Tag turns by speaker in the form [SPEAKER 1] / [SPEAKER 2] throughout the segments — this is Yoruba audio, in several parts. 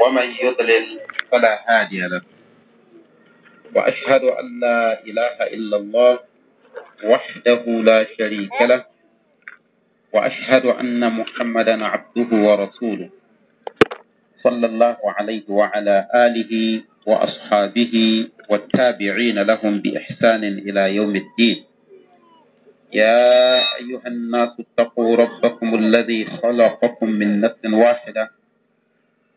[SPEAKER 1] ومن يضلل فلا هادي له وأشهد أن لا إله إلا الله وحده لا شريك له وأشهد أن محمدا عبده ورسوله صلى الله عليه وعلى آله وأصحابه والتابعين لهم بإحسان إلى يوم الدين يا أيها الناس اتقوا ربكم الذي خلقكم من نفس واحدة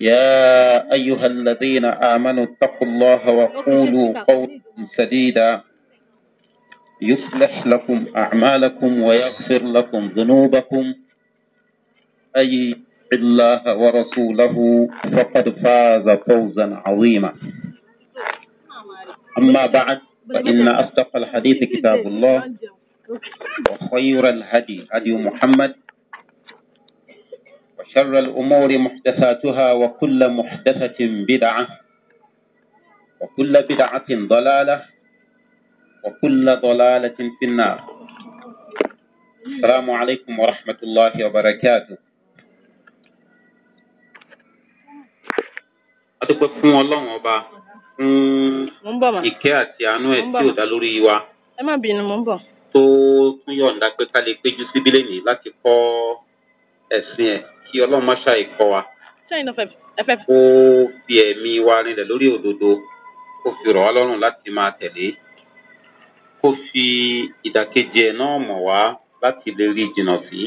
[SPEAKER 1] يا أيها الذين آمنوا اتقوا الله وقولوا قولا سديدا يصلح لكم أعمالكم ويغفر لكم ذنوبكم أي الله ورسوله فقد فاز فوزا عظيما أما بعد فإن أصدق الحديث كتاب الله وخير الهدي هدي محمد وشر الأمور محدثاتها وكل محدثة بدعة وكل بدعة ضلالة وكل ضلالة في النار السلام عليكم ورحمة الله وبركاته adúpẹ́ fún ọlọ́run ọba fún ìkẹ́ àti àánú ẹ̀ tí ò dá lórí wa. ẹ má bínú mò ń bọ̀. tó tún yọ̀ǹda pé ká lè péjú síbílẹ̀ nìyí láti kọ́ ẹ̀sìn ẹ̀ kí ọlọ́run má ṣàì kọ́ wa. kó fi ẹ̀mí wa rinlẹ̀ lórí òdodo kó fi rọ̀ wá lọ́rùn láti máa tẹ̀lé kó fi ìdàkejì ẹ̀ náà mọ̀ wá láti lè rí jìnnà sí.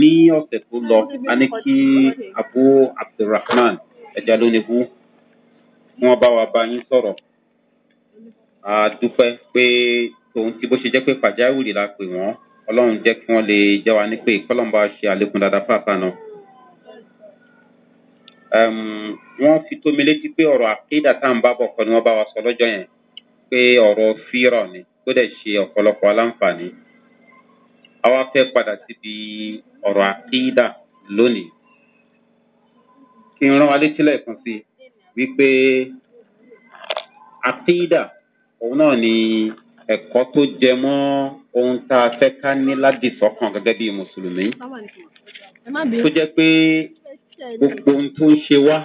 [SPEAKER 1] ní ọ̀sẹ̀ tó lọ a ní kí abu abdulrahman ẹja ló ní kú wọn bá wa bá yín sọ̀rọ̀ a dúpẹ́ pé tòun ti bó ṣe jẹ́ pé pàjáwìrì la pè wọ́n ọlọ́run jẹ́ kí wọ́n lè jẹ́ wa ní pé kọ́lọ́mbà ṣe àlékún dáadáa fáfá náà. wọ́n fi tó mi létí pé ọ̀rọ̀ àkéèdà tá à ń bá bọ̀ kọ́ ni wọ́n bá wa sọ lọ́jọ́ yẹn pé ọ̀rọ̀ fírọ̀ ni tó dẹ̀ ṣe ọ̀pọ̀lọpọ̀ aláǹfààní. àwa fẹ́ padà síbi ọ̀rọ̀ àkéèdà lónìí. kí n rán wa létí lẹ́ẹ̀kan sí wípé àkéèdà òun náà ni. ẹ̀kọ́ tó jẹ mọ́ ohun tá a fẹ́ ká ní ládìsọ́kàn gẹ́gẹ́ bí mùsùlùmí tó jẹ́ pé gbogbo ohun tó ń ṣe wá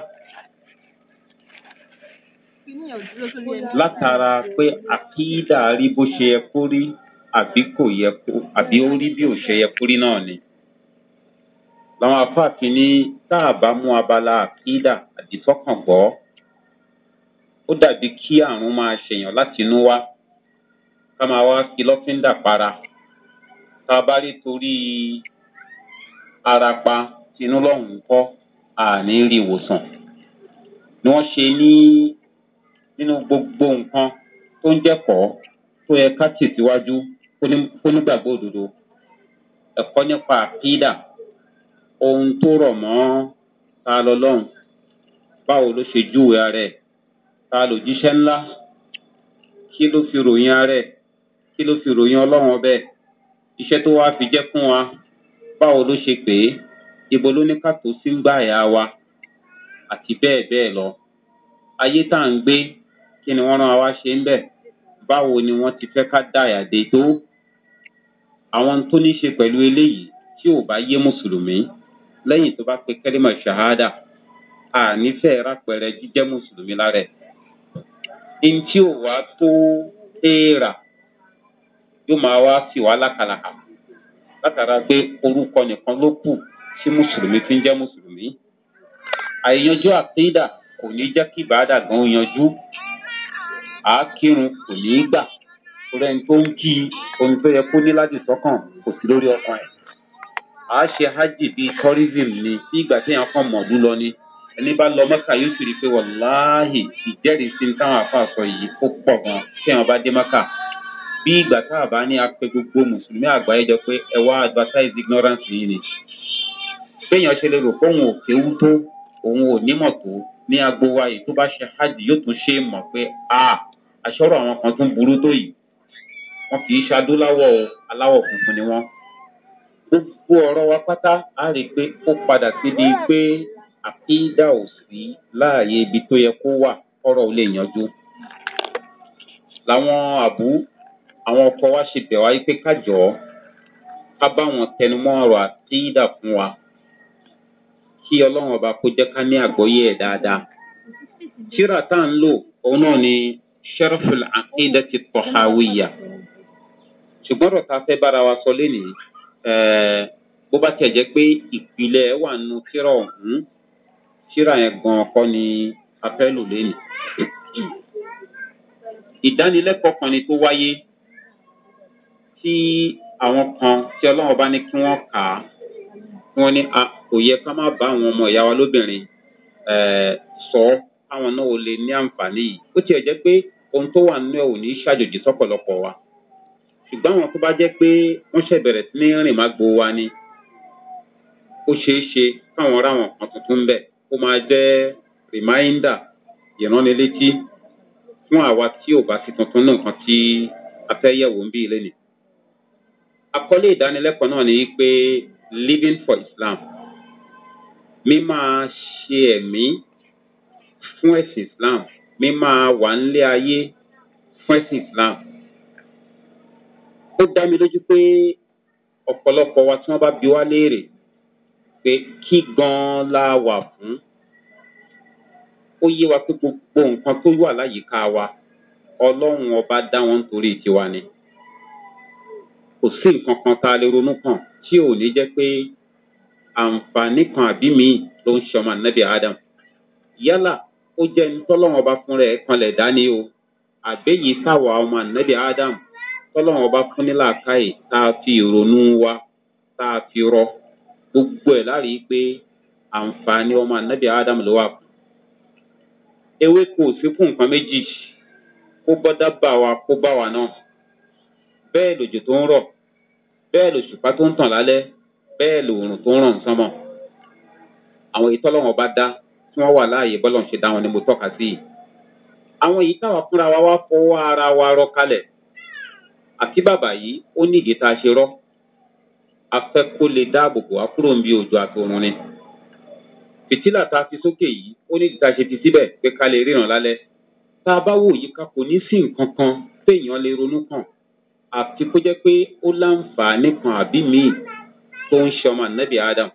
[SPEAKER 1] látara pé àkídà rí bó ṣe yẹ kó rí àbí kò yẹ kó àbí ó rí bí ò ṣe ni làwọn afáàfin ní tá a bá mú abala àkídà àdìsọ́kàn gbọ, ó dàbí kí àrùn máa ṣèyàn wá. ká máa wá fi lọ́fíńdà para tá a bá rí torí arapa tinú lọ́hùn-ún kọ́ àní rí ìwòsàn ni wọ́n ṣe ní nínú gbogbo nǹkan tó ń jẹ́kọ̀ọ́ tó yẹ ká tẹ̀síwájú kó nígbàgbọ́ òdodo ẹ̀kọ́ nípa àkídà ohun tó rọ̀ mọ́ ta lọ lọ́hùn báwo ló ṣe júwe ara ẹ̀ ta lòjíṣẹ́ ńlá kí ló fi ròyìn ara ẹ̀ kí ló fi ròyìn ọlọ́run ọbẹ̀ iṣẹ́ tó wáá fi jẹ́ fún wa báwo ló ṣe pè é ibo ló ní kàtó sí ń gbà yá wa àti bẹ́ẹ̀ bẹ́ẹ̀ lọ ayé tá à ń gbé kí ni wọ́n rán wa ṣe ń bẹ̀ báwo ni wọ́n ti fẹ́ ká dàyà dé tó àwọn tó ní ṣe pẹ̀lú eléyìí tí ò bá yé mùsùlùmí lẹ́yìn tó bá pe kẹ́límà ṣahádà ànífẹ́ rápẹrẹ jíjẹ́ mùsùlùmí lára ẹ̀ ní tí ò wá tó éèrà. E yóò máa wá sí wàá lákàlàkà látara pé orúkọ nìkan ló kù tí mùsùlùmí fi ń jẹ́ mùsùlùmí. àìyanjú àkéèdà kò ní jẹ́ kí ìbáàdà gan yanjú àákírun kò ní í gbà torí ẹni tó ń kí omi tó yẹ kó ní láti sọ́kàn kò sí lórí ọkàn ẹ̀. àá ṣe hajj bíi tourism ni bí ìgbà tí èèyàn kàn mọ̀ọ́dú lọ ni ẹni bá lọ mọ́kà yóò sì rí i pé wọ́n ìjẹ́rìí sí táwọn àfa sọ yìí ó pọ̀ gan-an tí èèyàn bá dé mọ́kà bí ìgbà tá a bá ní apẹ gbogbo mùsùlùmí àgbáyé jọ pé ẹ wá advertise ignorance yìí ni béèyàn ṣe lè rò pé òun ò kéwú tó òun ò nímọ̀ tó ní agbo wa yìí tó bá ṣe hajj yóò tún ṣe mọ̀ pé a aṣọ́rò àwọn kan tún burú tó yìí wọn kì í ṣadúláwọ̀ o aláwọ̀ funfun ni wọ́n gbogbo ọ̀rọ̀ wa pátá a rí i pé ó padà síbi pé àkídà ò sí láàyè ibi tó yẹ kó wà kọ́rọ̀ ò lè yanjú làwọn àbú àwọn ọkọ wa ṣe bẹ̀ wá pé ká jọ ká bá wọn tẹnumọ́ ọ̀rọ̀ àtìdá fún wa kí ọlọ́run ọba kó jẹ́ ká ní àgbọ́yé ẹ̀ dáadáa. tíra tá à lò òun náà ni sharafil akéda ti tọ́háwìyà ṣùgbọ́n ọ̀rọ̀ fẹ́ bára wa sọ lénìí eh, bó bá ni a ni tó wáyé. tí àwọn kan tí ọlọ́run bá ní kí wọ́n kà á wọ́n ní a kò yẹ ká má bá àwọn ọmọ ìyá wa lóbìnrin eh, sọ ọ́ káwọn náà ò lè ní àǹfààní yìí ó tiẹ̀ jẹ́ pé ohun tó wà nínú ẹ̀ ò ní ṣàjòjì sọ́pọ̀lọpọ̀ wa ṣùgbọ́n àwọn tó bá jẹ́ pé wọ́n ṣẹ̀ bẹ̀rẹ̀ sí ní rìn má gbo wa ni ó ṣeé ṣe káwọn ra àwọn kan tuntun bẹ̀ ó máa jẹ́ rìmáíndà ìránnilétí fún àwa tí ò bá sí tuntun náà kan tí a ń bí ilé àkọlé ìdánilẹ́kọ̀ọ́ náà ni pé living for islam mímáa ṣe ẹ̀mí fún ẹ̀sìn islam mímáa wà nílé ayé fún ẹ̀sìn islam. ó dá mi lójú pé ọ̀pọ̀lọpọ̀ wa tí wọ́n bá bi wá léèrè pé kí gan la wà fún ó yé wa pé gbogbo nǹkan tó wà láyìíká wa ọlọ́run ọba dá wọn nítorí tiwa ni kò sí nǹkan kan tá a lè ronú kàn tí ò ní jẹ́ pé àǹfààní kan àbí míì ló ń ṣọmọ ànábì adam yálà ó jẹ́ ní tọ́lọ́wọ́n ọba fún rẹ̀ kanlẹ̀ dání o àbẹ́yìí táwa ọmọ ànábì adam tọ́lọ́wọ́n ọba fún ní làákàyè tá a fi ìrònú wa tá a fi rọ gbogbo ẹ̀ lárí pé àǹfààní ọmọ ànábì adam ló wà fún ewé kò sí fún nǹkan méjì kó bọ́dá bá wa kó bá wa náà bẹ́ẹ̀ lòjò tó ń rọ̀ bẹ́ẹ̀ lòṣùpá tó ń tàn lálẹ́ bẹ́ẹ̀ lòòrùn tó ń ràn sánmọ̀ àwọn èyí tọ́lọ́wọ́n bá dá tí wọ́n wà láàyè bọ́lọ̀ ń ṣe dá wọn ni mo tọ́ka sí yìí àwọn èyí táwa fúnra wa wá fọwọ́ ara wa rọ kalẹ̀ àti bàbà yìí ó ní ìdí tá a ṣe rọ́ afẹ́ kó lè dáàbò bò á kúrò ń bí òjò àtòrun ni fìtílà tá a fi sókè yìí ó ní ìdí tá a ṣe fi síbẹ̀ pé ká lè ríran lálẹ́ tá a bá wò yíká kò ní sí nǹkan kan téèyàn lè ronú kàn àfi kó jẹ́ pé ó láǹfààní kan àbí míì tó ń ṣe ànábì adam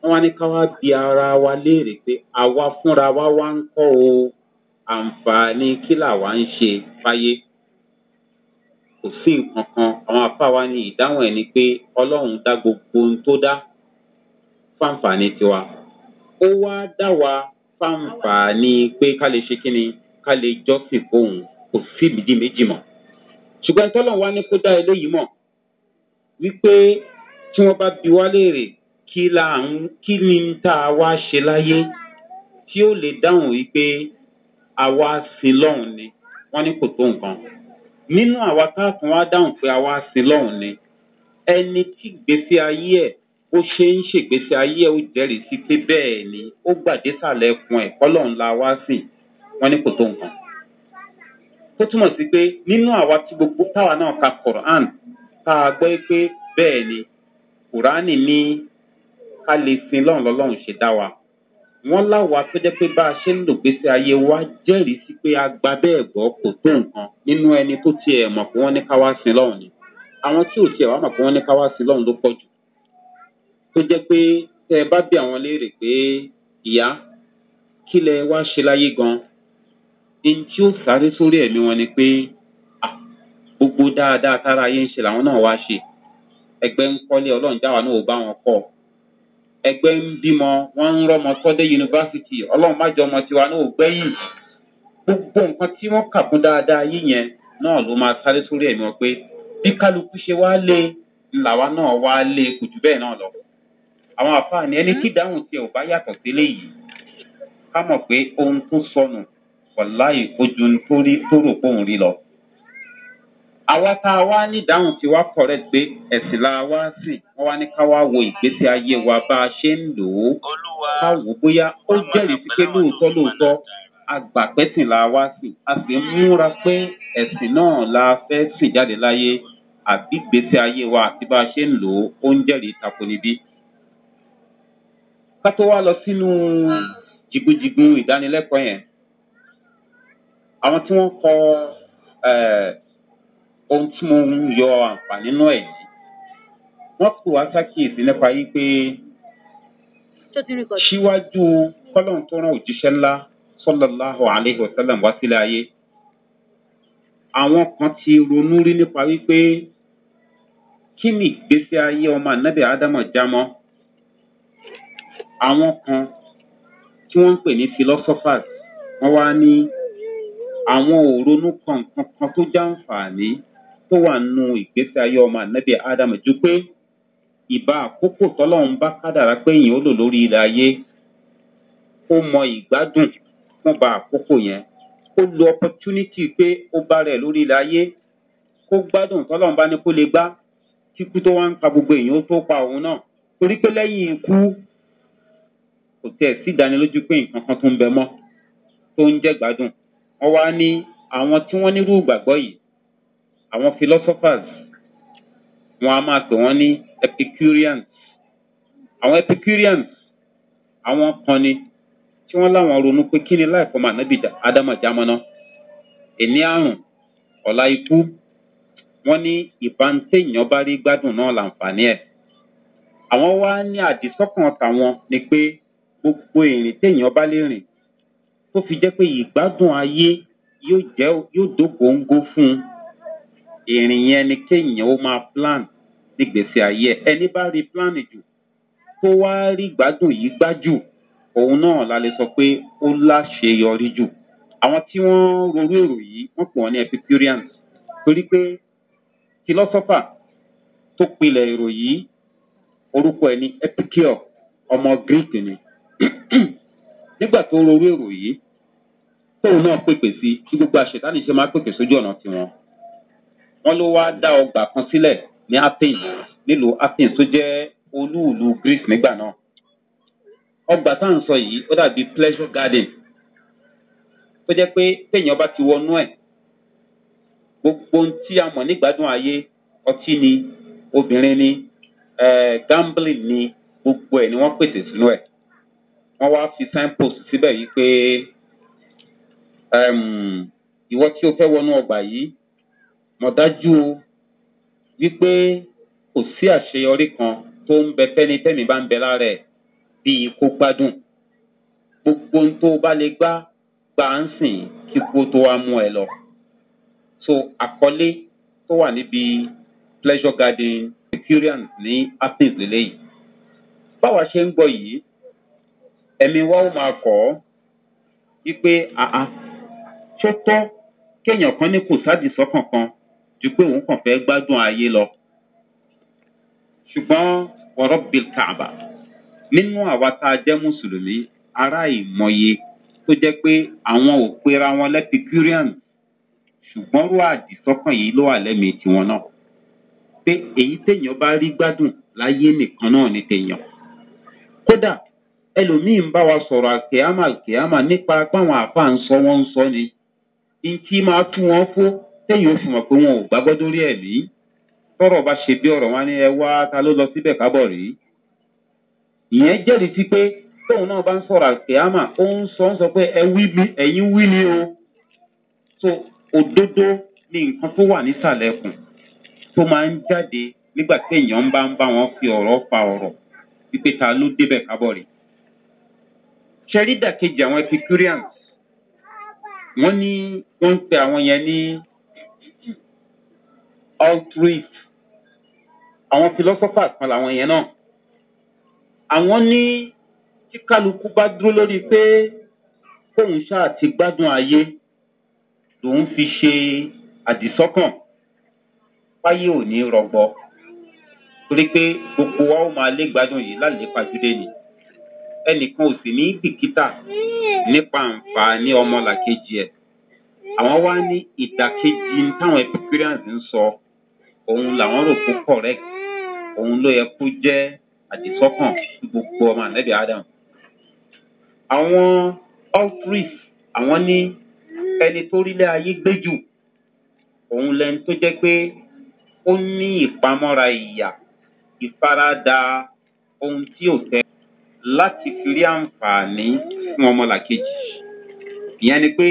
[SPEAKER 1] wọ́n wá ní ká wá bi ara wa léèrè pé àwa fúnra wa wá ń kọ́ o àǹfààní kí làwa ń ṣe fáyé kò sí nǹkan kan àwọn afáwa ní ìdáhùn ẹ̀ ni pé ọlọ́run dá gbogbo ohun tó dá fáǹfààní tiwa ó wá dá wa fáǹfààní pé ká lè ṣe kí ni ká lè jọ́sìn fóun kò sí ìdí méjì mọ́ ṣùgbọ́n tọ́lọ̀ wá ní kó dá eléyìí mọ̀ wípé tí wọ́n bá bi wá léèrè kí la ń kí ni tá a wá ṣe láyé tí ó lè dáhùn wípé àwa sin lọ́hùn ni wọ́n ní kò tó nǹkan nínú àwa káàkiri wá dáhùn pé àwa sin lọ́hùn ni ẹni tí gbèsè ayé ẹ̀ ó ṣe ń ṣègbésí ayé ẹ̀ ó jẹ́rìí sí pé bẹ́ẹ̀ ni ó gbàdésàlẹ̀ ẹkùn ẹ̀ kọ́lọ́hún la wá sìn wọ́n ní kò tó nǹkan tó túmọ̀ sí pé nínú àwa tí gbogbo táwa náà ka quran tá a gbọ́ pé bẹ́ẹ̀ ni kùránì ní ká lè sin lọ́run lọ́lọ́run ṣe dá wa wọ́n láwa tó jẹ́ pé bá a ṣe ń lò gbèsè ayé wa jẹ́rìí sí pé a gba bẹ́ẹ̀ gbọ́ kò tó nǹkan nínú ẹni tó tiẹ̀ mọ̀ pé wọ́n ní ká wá sin lọ́run ni àwọn tí ò tiẹ̀ wá mọ̀ pé wọ́n ní ká wá sin lọ́run ló pọ̀ jù tó jẹ́ pé tẹ́ ẹ bá bí àwọn léèrè pé ìyá kí lẹ wá ṣe láyé gan-an èyí tí ó sáré sórí ẹ̀mí wọn ni pé gbogbo dáadáa tára ayé ń ṣe làwọn náà wá ṣe ẹgbẹ́ ń kọ́lé ọlọ́run jáwa náà ò bá wọn kọ́ ẹgbẹ́ ń bímọ wọ́n ń rọ́mọ sọ́dé yunifásitì ọlọ́run má jọ ọmọ tiwa náà ò gbẹ́yìn gbogbo nǹkan tí wọ́n kà fún dáadáa ayé yẹn náà ló máa sáré sórí ẹ̀mí wọn pé bí kálukú ṣe wá lé làwa náà wá lé kò jù bẹ́ẹ̀ náà lọ àwọn àfáàní ẹni tí ìdáhùn tiẹ̀ ò bá yàtọ̀ sílé yìí ká mọ̀ pé ohun tó sọnù wàláyé ó ju tó rí tó rò póun rí lọ. àwa tá a wá nídáhùn tiwa correct pé ẹ̀sìn la wá sìn wọ́n wá ní ká wá wo ìgbésí ayé wa bá a ṣe ń lò ó ká wò ó bóyá ó jẹ́rìí sí lóòótọ́ lóòótọ́ agbàpẹ́sìn la wá sìn a sì ń múra pé ẹ̀sìn náà la fẹ́ sìn jáde láyé àbí gbèsè ayé wa àti bá a ṣe ń lò ó ó ń jẹ́rìí tako níbí. ká tó wá lọ sínú hmm. jìgbìjìgbì ìdánilẹ́kọ̀ọ́ yẹn àwọn tí wọ́n kọ ohun tí mo ń yọ àǹfààní nínú ẹ̀ yìí wọ́n pè wá sákìyèsí nípa yí pé síwájú kọ́lọ́n tó rán òjíṣẹ́ ńlá sọ́lọ́láhùn aláìhùn sálàm wá sílé ayé àwọn kan ti ronú rí nípa wípé kí ni ìgbésí ayé ọmọ ànábì ádámọ̀ jámọ́ àwọn kan tí wọ́n ń pè ní philosophers wọ́n wá ní àwọn ò ronú kan nǹkan kan tó jàǹfààní tó wà nù ìgbésí ayé ọmọ ànábì ádámù ju pé ìbá àkókò tọ́lọ́run bá kádàrá pé èèyàn ó lò lórí ilẹ̀ ayé ó mọ ìgbádùn fún ba àkókò yẹn ó lo opportunity pé ó bá rẹ̀ lórí ilẹ̀ ayé kó gbádùn tọ́lọ́run bá ní kó lè gbá kíkú tó wá ń ka gbogbo èèyàn ó tó pa òun náà torí pé lẹ́yìn ikú kò tẹ̀ sí ìdánilójú pé nǹkan kan tó ń bẹ mọ́ tó ń jẹ́ gbádùn wọ́n wá ní àwọn tí wọ́n nírú ìgbàgbọ́ yìí àwọn philosophers wọn a máa pè wọ́n ní epicureans àwọn epicureans àwọn kan ni tí wọ́n láwọn ronú pé kí ni láìpọ́ máa nábì ádámọ̀jámọ́ná èní àrùn ọ̀la ikú wọ́n ní ìbántẹ́yìn bá rí gbádùn náà láǹfààní ẹ̀ àwọn wá ní àdìsọ́kàn tàwọn ni pé gbogbo ìrìn téèyàn bá lè rìn tó fi jẹ́ pé ìgbádùn ayé yóò jẹ́ yóò dógóńgó fún un ìrìn yẹn ni kéèyàn ó máa plan nígbèsè ayé ẹ ẹni bá rí plan jù tó wá rí ìgbádùn yìí gbájù òun náà la lè sọ pé ó láṣeyọrí jù àwọn tí wọ́n ronú èrò yìí wọ́n pọ̀ ní epicureans torí pé philosopher tó pilẹ̀ èrò yìí orúkọ ẹ̀ ní epicure ọmọ greek ni nígbà tó rorú èrò yìí tóun náà pèpè sí kí gbogbo àṣetánì ṣe máa pèpè sójú ọ̀nà tiwọn wọn ló wá dá ọgbà kan sílẹ̀ ní athens nílùú athens tó jẹ́ olúùlú greece nígbà náà ọgbà tá à ń sọ yìí ó dàbí pleasure garden tó jẹ́ pé téèyàn bá ti wọnú ẹ̀ gbogbo ohun tí a mọ̀ nígbàdùn ayé ọtí ni obìnrin ni eh, gambling ni gbogbo ẹ̀ ni wọ́n pèsè sínú ẹ̀ wọ́n wá fi signpost síbẹ̀ yìí pé ìwọ tí o fẹ́ wọnú ọgbà yìí mọ̀ dájú wípé kò sí àṣeyọrí kan tó ń bẹ fẹ́ni tẹ́mi bá ń bẹ lára ẹ̀ bíi kó gbádùn gbogbo ohun tó bá lè gbá gbà ń sìn kí kó tó wá mú ẹ lọ. so àkọlé tó wà níbi pleasure garden securians ní athens lélẹ́yìí báwa ṣe ń gbọ́ yìí ẹ̀mí wa ó máa kọ̀ ọ́ wípé àá tó tọ́ kéèyàn kan ní kò sáàdì sọ́kàn kan ju pé òun kàn fẹ́ gbádùn ayé lọ. ṣùgbọ́n wọ̀rọ̀ bill nínú àwa tá a jẹ́ mùsùlùmí ará ìmọye tó jẹ́ pé àwọn ò pera wọn lẹ́pikúríàn ṣùgbọ́n rú àdìsọ́kàn yìí ló wà lẹ́mìí tiwọn náà pé èyí téèyàn bá rí gbádùn láyé nìkan náà ní téèyàn kódà ẹlòmíì ń bá wa sọ̀rọ̀ àkèámà àkèámà nípa páwọn àfa ń sọ wọ́n ń sọ ni nkí máa tú wọn fó téèyàn fi mọ̀ pé wọn ò gbàgbọ́ dórí ẹ̀mí tọ́rọ̀ bá ṣe bí ọ̀rọ̀ wọn ni ẹ wá ta ló lọ síbẹ̀ kábọ̀ rí ìyẹn jẹ́rìí sí pé tóun náà bá ń sọ̀rọ̀ àkèámà ó ń sọ ń sọ pé ẹ̀yin wí ni o so òdodo ni nǹkan tó wà nísàlẹ̀ tó máa ń jáde nígbà téèyàn bá ń bá wọn fi ọ̀rọ̀ pa ọ̀rọ̀ wípé ta ló débẹ̀ kábọ̀ rí ṣẹ́rídà kejì àwọn epicureans wọ́n ní wọ́n ń pe àwọn yẹn ní altruist àwọn philosophers kan làwọn yẹn náà àwọn ní tí kálukú bá dúró lórí pé kóun ṣáà ti gbádùn ayé lòun fi ṣe àdìsọ́kàn fáyé ò ní rọgbọ torí pé gbogbo wa ó máa lé gbádùn yìí lálépa jùlé ni ẹnìkan ò sì ní bìkítà nípa àǹfààní ọmọlàkejì ẹ̀ àwọn wá ní ìdàkejì táwọn epicureans ń sọ òun làwọn rò kó correct òun ló yẹ kó jẹ́ àdìsọ́kàn sí gbogbo ọmọ ànẹ́bí adam àwọn altris àwọn ní ẹni tó rílé ayé gbé jù òun lẹni tó jẹ́ pé ó ní ìpamọ́ra ìyà ìfaradà ohun tí ò tẹ́ láti fi rí àǹfààní fún ọmọlàkejì ìyẹn ni pé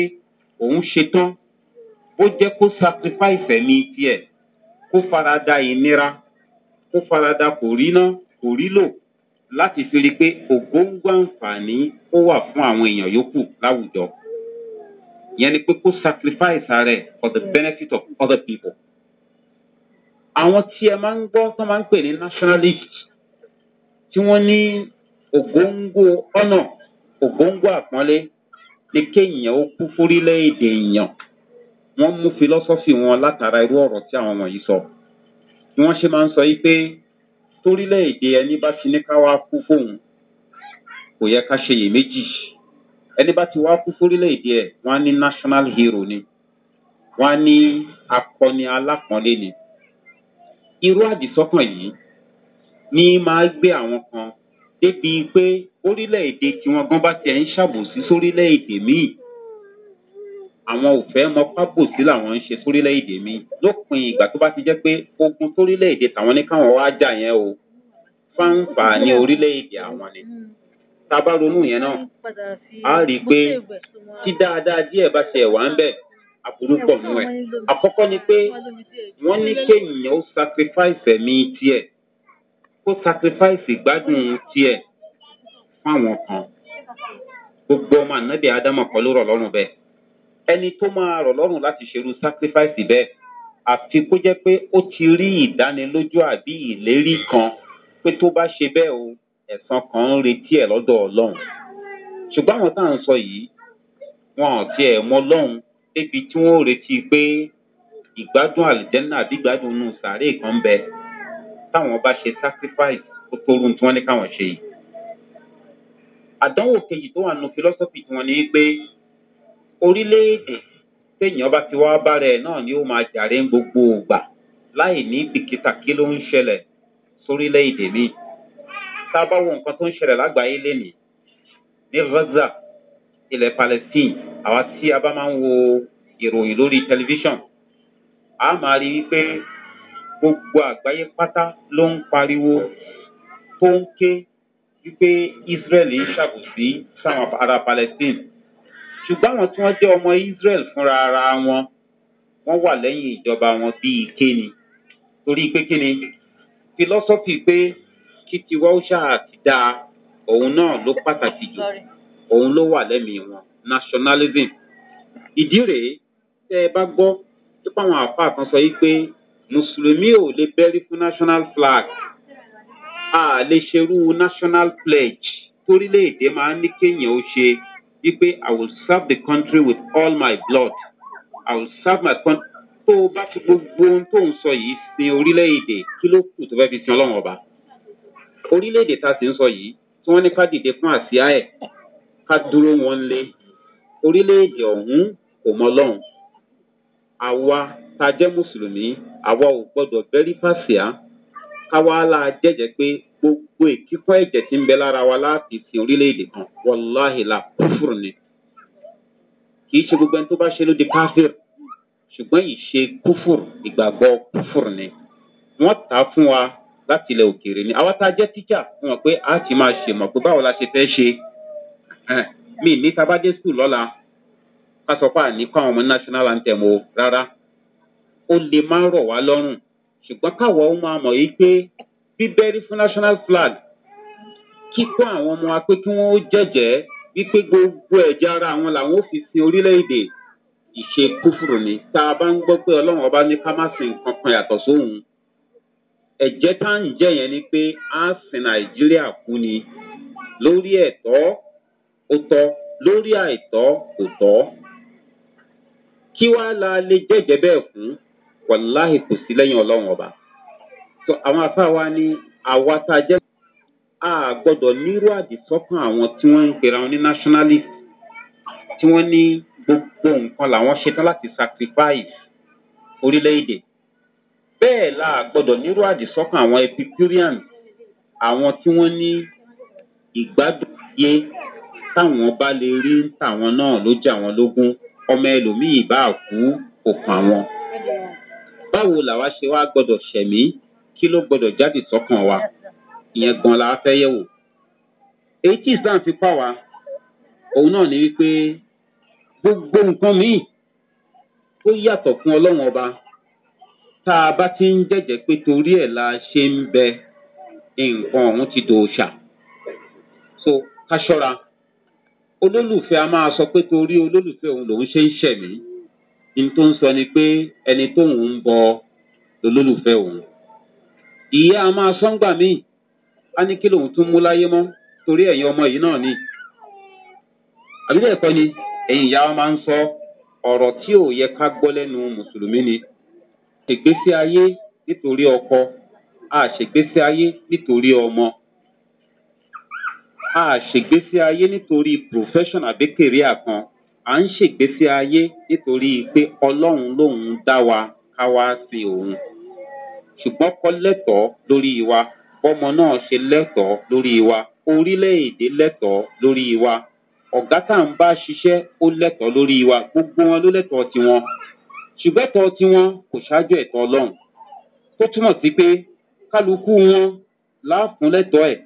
[SPEAKER 1] òun ṣetán bó jẹ́ kó sacrifice ẹ̀mí tiẹ̀ kó farada ìnira kó farada kò ríná kò rílò láti fi rí i pé ògbóngbò àǹfààní ó wà fún àwọn èèyàn yòókù láwùjọ ìyẹn ni pé kó sacrifice rẹ̀ for the benefit of other people àwọn tí ẹ máa ń gbọ́ tó máa ń pè ní nationalist tí wọ́n ní ògóńgó ọ̀nà ògóńgó àpọ́nlé ni kéèyàn ó kú fórílẹ̀-èdè èèyàn wọ́n mú fílọ́sọ́fì wọn látara irú ọ̀rọ̀ tí àwọn wọ̀nyí sọ ni wọ́n ṣe máa ń sọ yí pé torílẹ̀-èdè ẹni bá ti ní ká wá kú fóun kò yẹ ká ṣe iyèméjì ẹni bá ti wá kú fórílẹ̀-èdè ẹ̀ wọ́n á ní national hero ni wọ́n á ní akọni alápọ̀nlé ni irú àdìsọ́kàn yìí ní máa gbé àwọn kan débi pé orílẹ̀-èdè tiwọn gan bá tiẹ̀ ń ṣàbòsí sórílẹ̀-èdè míì àwọn ò fẹ́ mọ pábòsí làwọn ń ṣe sórílẹ̀-èdè míì lópin ìgbà tó bá ti jẹ́ pé ogun sórílẹ̀-èdè tàwọn ní káwọn wá jà yẹn o fáǹfà ní orílẹ̀-èdè àwọn ni tá a bá ronú yẹn náà a rí i pé tí dáadáa díẹ̀ bá tiẹ̀ wá ń bẹ̀ aburú pọ̀ nù ẹ̀ àkọ́kọ́ ni pé
[SPEAKER 2] wọ́n ní kéèyàn
[SPEAKER 1] ó sacrifice ẹ̀mí tiẹ̀ ó sacrifice ìgbádùn tiẹ̀ fáwọn kan gbogbo ọmọ ànábì ádámọ̀ kan ló rọ̀ lọ́rùn bẹ́ẹ̀ ẹni tó máa rọ̀ lọ́rùn láti ṣerú sacrifice bẹ́ẹ̀ àfi kó jẹ́ pé ó ti rí ìdánilójú àbí ìlérí kan pé tó bá ṣe bẹ́ẹ̀ o ẹ̀sán kan ń retí ẹ̀ lọ́dọ̀ ọlọ́run ṣùgbọ́n àwọn tá à ń sọ yìí
[SPEAKER 2] wọn ò tiẹ̀ mọ
[SPEAKER 1] ọlọ́run débi tí wọ́n retí pé ìgbádùn àlìjẹ́nà àbí ìgbádùn inú sàárè kan bẹ́ẹ̀ táwọn bá ṣe sacrifice ó tóru tí wọ́n ní káwọn ṣe yìí. àdánwò kejì tó wà nù philosophy tí wọ́n ní pé orílẹ̀-èdè téèyàn bá ti wá bára ẹ̀ náà ni ó máa jàre ń gbogbo ògbà láì ní bìkítà kí ló ń ṣẹlẹ̀ sórílẹ̀-èdè mi. tá a bá wo nǹkan tó ń ṣẹlẹ̀ lágbàáyé lénìí ní gaza ilẹ̀ palestine àwa tí a bá máa ń wo ìròyìn lórí tẹlifíṣàn a máa rí i pé gbogbo àgbáyé pátá ló ń pariwo tó ń ké wípé israẹli ń ṣàbòsí sáwọn ará palestine ṣùgbọ́n àwọn tí wọ́n jẹ́ ọmọ israel fúnra ara wọn wọ́n wà lẹ́yìn ìjọba wọn bíi kéni torí pé kíni fìlọ́sọ́fì pé kí tiwa ó ṣáà ti dáa òun náà ló pàtàkì jù òun ló wà lẹ́mìí wọn nationalism ìdí rèé tẹ́ ẹ bá gbọ́ tó pàwọn àáfàá kan sọ yìí pé mùsùlùmí ò lè bẹ́rí fún national flag a lè ṣerú national pledge torílẹ̀-èdè máa ń ní kéèyàn ó ṣe wípé i will serve the country with all my blood i will serve my country tó o bá fi gbogbo ohun tó ń sọ yìí sin orílẹ̀-èdè kí ló kù tó fẹ́ fi sin ọlọ́run ọba orílẹ̀-èdè tá a sì ń sọ yìí tí wọ́n ní ká dìde fún àsíá ẹ̀ ká dúró wọn lé orílẹ̀ ọ̀hún kò mọ ọlọ́run àwa tá a jẹ́ mùsùlùmí àwa ò gbọ́dọ̀ bẹ́rí fàṣíà káwa la jẹ́jẹ́ pé gbogbo ìkíkọ́ ẹ̀jẹ̀ tí ń bẹ lára wa láti sin orílẹ̀-èdè kan wàláhì la kúfùrù ni kì í ṣe gbogbo ẹni tó bá ṣe ló di káfíìr ṣùgbọ́n ìṣe kúfùrù ìgbàgbọ́ kúfùrù ni wọ́n tà á fún wa láti ilẹ̀ òkèèrè ni àwa tá jẹ́ tíjà fún wọn pé a ti máa ṣèmọ̀ pé báwo la ṣe fẹ́ ṣe mí ní tabadé skul lọ́la ká sọ pé àníkọ́ àwọn ọmọ national anthem o rárá ó lè má rọ̀ wá lọ́rùn ṣùgbọ́n káwọ́ ó máa mọ̀ yí pé bíbẹ́rí fún national flag kíkọ́ àwọn ọmọ wa pé kí wọ́n ó jẹ̀jẹ́ wípé gbogbo ẹ̀jẹ̀ ara àwọn làwọn ò fi sin orílẹ̀-èdè ìṣe kúfùrù ni tá a bá ń gbọ́ pé ọlọ́run ọba ní ká má sin nǹkan kan yàtọ̀ sóhun ẹ̀jẹ̀ tá à ń jẹ́ yẹn ni pé a sin nàìjíríà kú ni lórí ẹ̀tọ́ ó tọ́ lórí àìtọ́ kò tọ́ kí wàá la lè jẹ́jẹ́ bẹ́ẹ̀ fún wàláhì kò sí lẹ́yìn ọlọ́run ọba so àwọn afá wa ní àwa tá a jẹ́ a gbọ́dọ̀ nírú àdìsọ́kàn àwọn tí wọ́n ń pera wọn ní nationalist tí wọ́n ní gbogbo nǹkan làwọn ṣetán láti sacrifice orílẹ̀-èdè bẹ́ẹ̀ la gbọ́dọ̀ nírú àdìsọ́kàn àwọn epicurean àwọn tí wọ́n ní ìgbádùn yé táwọn bá lè rí táwọn náà ló jẹ àwọn lógún ọmọ ẹlòmíì bá kú kò kàn báwo làwa ṣe wá gbọdọ̀ ṣẹ̀mí kí ló gbọdọ̀ jáde sọ́kàn wa ìyẹn gan la fẹ́ yẹ̀ wò. èyí tí islam fi pa wá òun náà ni wípé gbogbo nǹkan míì tó yàtọ̀ fún ọlọ́run ọba tá a bá ti ń jẹ́jẹ́ pé torí ẹ̀ la ṣe ń bẹ nǹkan ọ̀hún ti dòòṣà so ká ṣọ́ra olólùfẹ́ a máa sọ pé torí olólùfẹ́ òun lòun ṣe ń ṣẹ̀mí n tó ń sọ ni pé ẹni tóun ń bọ lolólùfẹ́ òun. ìyá a máa sọ́ngbà míì á ní kí lòun tún mú láyé mọ́ torí ẹ̀yin ọmọ yìí náà ni. àbílẹ̀ ẹ̀kọ́ ni ẹ̀yin ìyá wa máa ń sọ ọ̀rọ̀ tí ò yẹ ká gbọ́ lẹ́nu mùsùlùmí ni. ṣègbésí ayé nítorí ọkọ a ṣègbésí ayé nítorí ọmọ a ṣègbésí ayé nítorí profession àbí kèrè àkan à ń ṣègbésí ayé nítorí pé ọlọ́run lòun dá wa ká wá sí òun ṣùgbọ́n kọ́ lẹ́tọ̀ọ́ lórí wa bọ́mọ náà ṣe lẹ́tọ̀ọ́ lórí wa orílẹ̀-èdè lẹ́tọ̀ọ́ lórí wa ọ̀gá tá à ń bá ṣiṣẹ́ ó lẹ́tọ̀ọ́ lórí wa gbogbo wọn ló lẹ́tọ̀ọ́ tiwọn ṣùgbọ́n ẹ̀tọ́ tiwọn kò ṣáájú ẹ̀tọ́ ọlọ́run tó túmọ̀ sí pé kálukú wọn láàfún lẹ́tọ̀ọ́ ẹ̀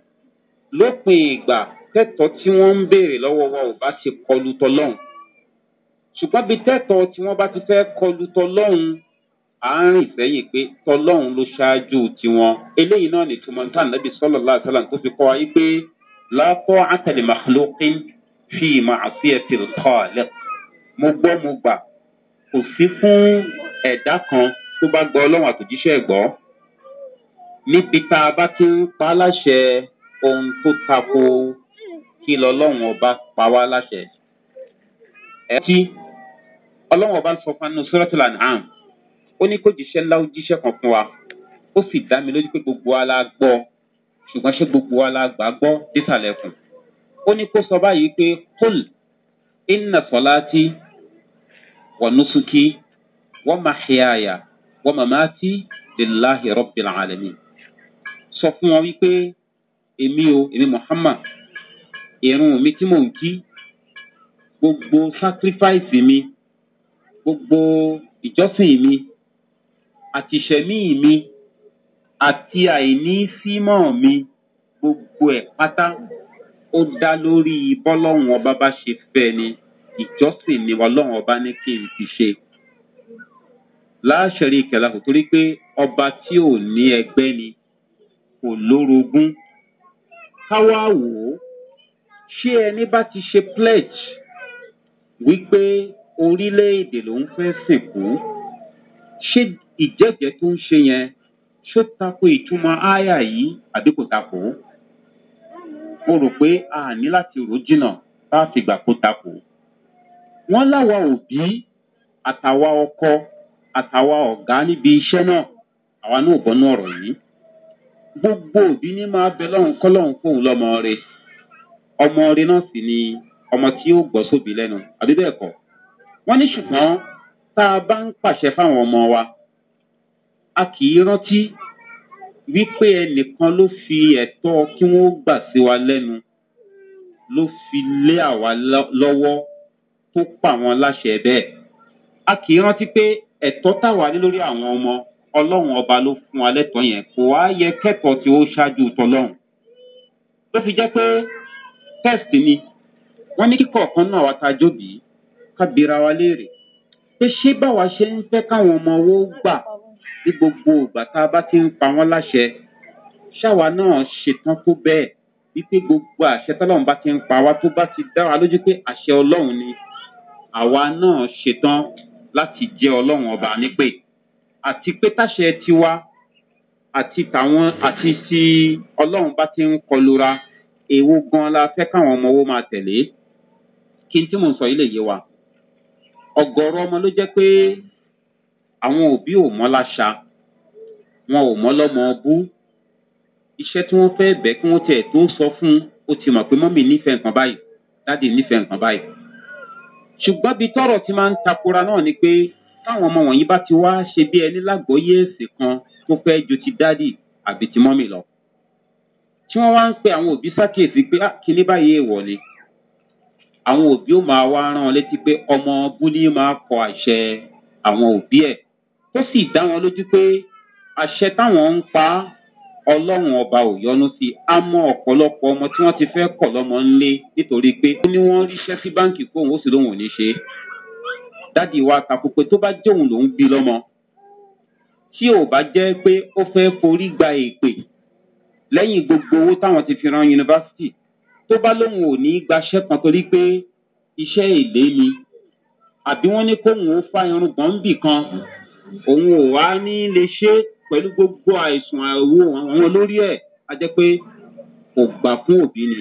[SPEAKER 1] lópin ìgbà tẹ́tọ̀ọ́ tí wọ́n ń béèrè lọ́wọ́ wa ò bá ṣe kọlu tọlọ́run ṣùgbọ́n bíi tẹ́tọ̀ tí wọ́n bá ti fẹ́ kọlu tọlọ́hún àárín sẹ́yìn pé tọlọ́hún ló ṣáájú tiwọn eléyìí náà ní túmọ̀ nítorí nàbí sọ́lọ̀ láàtàlà tó fi kọ́ ayé pé látọ́ àtàlẹ̀ màlúkín fi ìmọ̀ àti ẹ̀sìn kọ́ àlẹ́ mo gbọ́ mo gbà kò sí fún ẹ̀dá kan tó bá gbọ́ ọlọ́run àtòjíṣẹ́ ẹ̀gbọ́ níbi tá a bá ti ń pa láṣẹ ohun tó tako kí lọ́lọ́run ọba pa wá láṣẹ. ẹ ti ọlọ́wọ́n ọba sọ fún anú sọ́rọ́tò lànàm ó ní kó jíṣẹ́ ńlá ó jíṣẹ́ kan fún wa ó sì dá mi lójú pé gbogbo wa la gbọ́ ṣùgbọ́n ṣé gbogbo wa la gbà gbọ́ dísàlẹ̀ kù ó ní kó sọ báyìí pé kúl iná sọláàtì wọnúsùkì wọ́n máa ṣíyàyà wọ́n máa máa tí lèláhi rọ́bìlà àlẹ́mí sọ fún wọn wípé èmi o èmi muhammad irun mi tí mò ń kí gbogbo sacrifice mi gbogbo ìjọsìn mi àti mi àti àìní símọ̀ mi gbogbo ẹ̀ pátá ó dá lórí bọ́lọ́run ọba bá ṣe fẹ́ ni ìjọsìn ni ọlọ́run ọba ní kí n ti ṣe láṣẹrí ìkẹlẹ kò torí pé ọba tí ò ní ẹgbẹ́ ni kò lórogún káwá wò ó ṣé ẹni bá ti ṣe pledge wípé orílẹ̀-èdè ló ń fẹ́ sìnkú ṣé ìjẹ́jẹ́ tó ń ṣe yẹn ṣó tako ìtumọ̀ áyà yìí àbí kò tako mo rò pé a ní láti rò jìnnà bá a fi gbà kó tako wọn láwa òbí àtàwa ọkọ àtàwa ọ̀gá níbi iṣẹ́ náà àwa náà bọ́nú ọ̀rọ̀ yìí gbogbo òbí ní máa bẹ lọ́hùn kọ́lọ́hùn fóun lọ́mọ rẹ ọmọ rẹ náà sì ni ọmọ tí ó gbọ́ sóbì lẹ́nu àbí bẹ́ẹ̀ kọ́ wọ́n ní ṣùgbọ́n tá a bá ń pàṣẹ fáwọn ọmọ wa a kì í rántí wípé ẹnìkan ló fi ẹ̀tọ́ kí wọ́n gbà sí wa lẹ́nu ló fi lé àwa lọ́wọ́ tó pa wọn láṣẹ bẹ́ẹ̀ a kì í rántí pé ẹ̀tọ́ táwa ní lórí àwọn ọmọ ọlọ́run ọba ló fún wa lẹ́tọ̀ọ́ yẹn kò wá yẹ kẹ́kọ̀ọ́ tí ó ṣáájú tọlọ́run ló fi jẹ́ pé test ni wọ́n ní kíkọ̀ọ̀kan náà wá ta jóbi ká bira wa léèrè pé ṣé báwa ṣe ń fẹ́ káwọn ọmọ owó gbà ní gbogbo ìgbà tá a bá ti ń pa wọ́n láṣẹ ṣáwa náà ṣetán tó bẹ́ẹ̀ wípé gbogbo àṣẹ tọ́lọ́run bá ti ń pa wá tó bá ti dá wa lójú pé àṣẹ ọlọ́run ni àwa náà ṣetán láti jẹ́ ọlọ́run ọba nípè àti pé táṣẹ tiwa àti tàwọn àti ti ọlọ́run bá ti ń kọlura èwo gan la fẹ́ káwọn ọmọ owó máa tẹ̀lé kí n tí mò ń sọ yìí lè yé wa ọgọrọ ọmọ ló jẹ pé àwọn òbí ò mọ láṣà wọn ò mọ lọmọ ọbú iṣẹ tí wọn fẹẹ bẹ kí wọn tiẹ tó sọ fún un ó ti mọ pé mọmì nífẹẹ nǹkan báyìí dáàdì nífẹẹ nǹkan báyìí ṣùgbọn bí tọrọ ti máa ń takora náà ni pé táwọn ọmọ wọnyí bá ti wá ṣe bí ẹni lágbóyè ẹsìn kan tó fẹẹ ju ti dáàdì àbí ti mọmì lọ tí wọn wá ń pe àwọn òbí sákèsí pé ah, kíní báyìí èèwọ ni àwọn òbí ó máa wá rán wọn létí pé ọmọ búlí máa kọ àṣẹ àwọn òbí ẹ̀ tó sì dá wọn lójú pé àṣẹ táwọn ń pa ọlọ́run ọba ò yọnu sí á mọ ọ̀pọ̀lọpọ̀ ọmọ tí wọ́n ti fẹ́ kọ̀ lọ́mọ ńlé nítorí pé ó ní wọ́n ríṣẹ́ sí báǹkì kóhùn ó sì lóhùn ò ní ṣe dádì wa takò pé tó bá jẹ́ òun lòún bí lọ́mọ tí ò bá jẹ́ pé ó fẹ́ forí gba èpè lẹ́yìn gbogbo owó táwọn ti fi ran yunifásitì tó bá lóun ò ní gbaṣẹ́ kan torí pé iṣẹ́ èlé ni àbí wọ́n ní kóun ó fa irun gbọ̀n bì kan òun ò wá ní lè ṣe pẹ̀lú gbogbo àìsàn àìwo àwọn olórí ẹ̀ á jẹ́ pé kò gbà fún òbí ni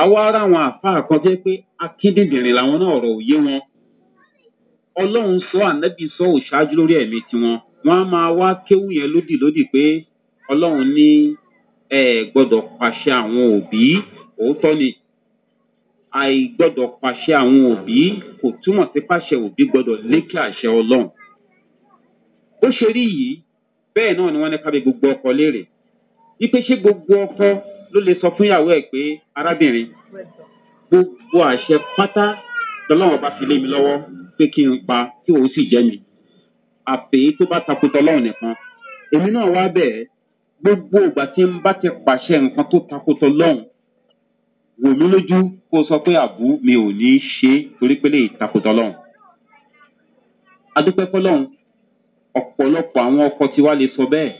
[SPEAKER 1] àwa ara àwọn àfáà kan jẹ́ pé akíndìndìrín làwọn náà ọ̀rọ̀ òye wọn ọlọ́run sọ ànábì sọ òṣáájú lórí ẹ̀mí tiwọn wọn á máa wá kéwù yẹn lódì lódì pé ọlọ́run ní ẹ gbọ́dọ̀ pàṣẹ àwọn òbí òótọ́ ni àìgbọ́dọ̀ pàṣẹ àwọn òbí kò túmọ̀ sí pàṣẹ òbí gbọ́dọ̀ lékè àṣẹ ọlọ́run ó ṣe rí yìí bẹ́ẹ̀ náà ni wọ́n ní kábí gbogbo ọkọ léèrè wípé ṣé gbogbo ọkọ ló lè sọ fún ìyàwó ẹ̀ pé arábìnrin gbogbo àṣẹ pátá lọ́lọ́run bá fi lé mi lọ́wọ́ pé kí n pa kí òun sì jẹ́ mi àpè tó bá takùtọ̀ lọ́run nìkan èmi náà wá bẹ́ẹ̀ gbogbo ìgbà tí n bá ti pàṣẹ nǹkan tó takùtọ̀ lọ́run wò mí lójú kó sọ pé àbú mi ò ní í ṣe torí pé lè takòtò ọlọ́run. adúpẹ́ fọlọ́run ọ̀pọ̀lọpọ̀ àwọn ọkọ tiwa lè sọ bẹ́ẹ̀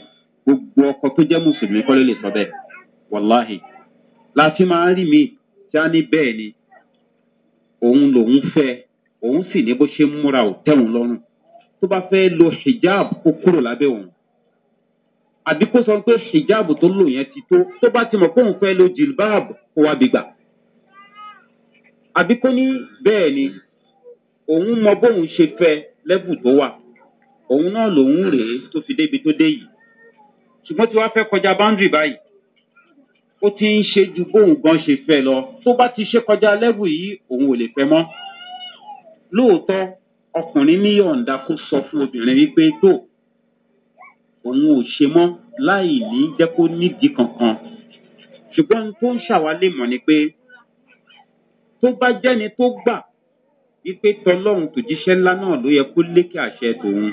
[SPEAKER 1] gbogbo ọkọ tó jẹ́ mùsùlùmí kọ́ ló lè sọ bẹ́ẹ̀ wàláhì la fi máa ń rí mi tí a ní bẹ́ẹ̀ ni òun lòun fẹ́ òun sì ní bó ṣe ń múra ò tẹ̀wọ̀n lọ́rùn tó bá fẹ́ lo hijab kó kúrò lábẹ́ òun àbí kó sọ pé ṣìjáàbù tó lò yẹn ti tó tó bá ti mọ̀ kóun fẹ́ lo jìlbáàbù kó wá bìgbà àbí ní bẹ́ẹ̀ ni òun mọ bóun ṣe fẹ́ lẹ́bù tó wà òun náà lòun rèé tó fi débi tó dé yìí ṣùgbọ́n tí wàá fẹ́ kọjá báńdìrì báyìí ó ti ń ṣe ju bóun gan ṣe fẹ́ lọ tó bá ti ṣe kọjá lẹ́bù yìí òun ò lè fẹ́ mọ́ lóòótọ́ ọkùnrin níyọ̀ǹda kó sọ fún obìnrin wípé tó òun ò ṣe mọ́ láì ní jẹ́ kó nídìí kankan ṣùgbọ́n ohun tó ń ṣàwálé mọ̀ ni pé tó bá jẹ́ni tó gbà wípé tọlọ́run tòjíṣẹ́ ńlá náà ló yẹ kó lékè àṣẹ tòun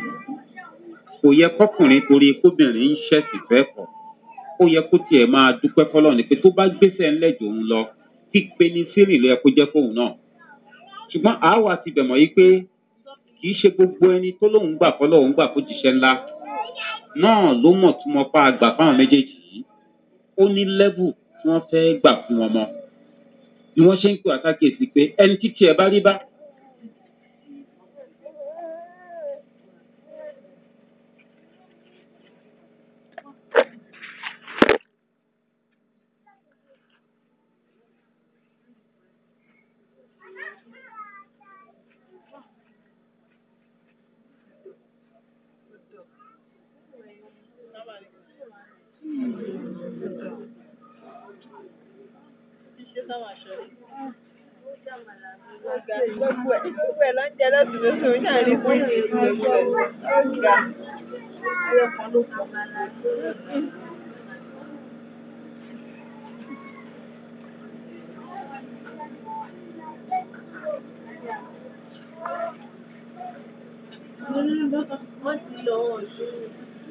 [SPEAKER 1] kò yẹ kọkùnrin torí kóbìnrin ń ṣẹ̀sì fẹ́ kọ̀ ó yẹ kó tiẹ̀ máa dúpẹ́ fọlọ́run ni pé tó bá gbéṣẹ́ ńlẹ̀ jòun lọ pípe ní sírìn ló yẹ kó jẹ́ fóun náà ṣùgbọ́n àáwá ti bẹ̀mọ̀ yìí pé kì í ṣe gbogbo ẹni tó lóun gbà fọlọ́run gbà kó jíṣẹ́ ńlá náà ló mọ̀ tí wọ́n pa àgbà fáwọn méjèèjì yìí ó ní lẹ́bù tí wọ́n fẹ́ gbà fún wọn mọ́ ni wọ́n ṣe ń pè wá sákèsí pé ẹni títí ẹ bá rí bá
[SPEAKER 2] Gbogbo Mo ní lọ́sọ̀ wọ́n ti lọ ọ̀ṣun.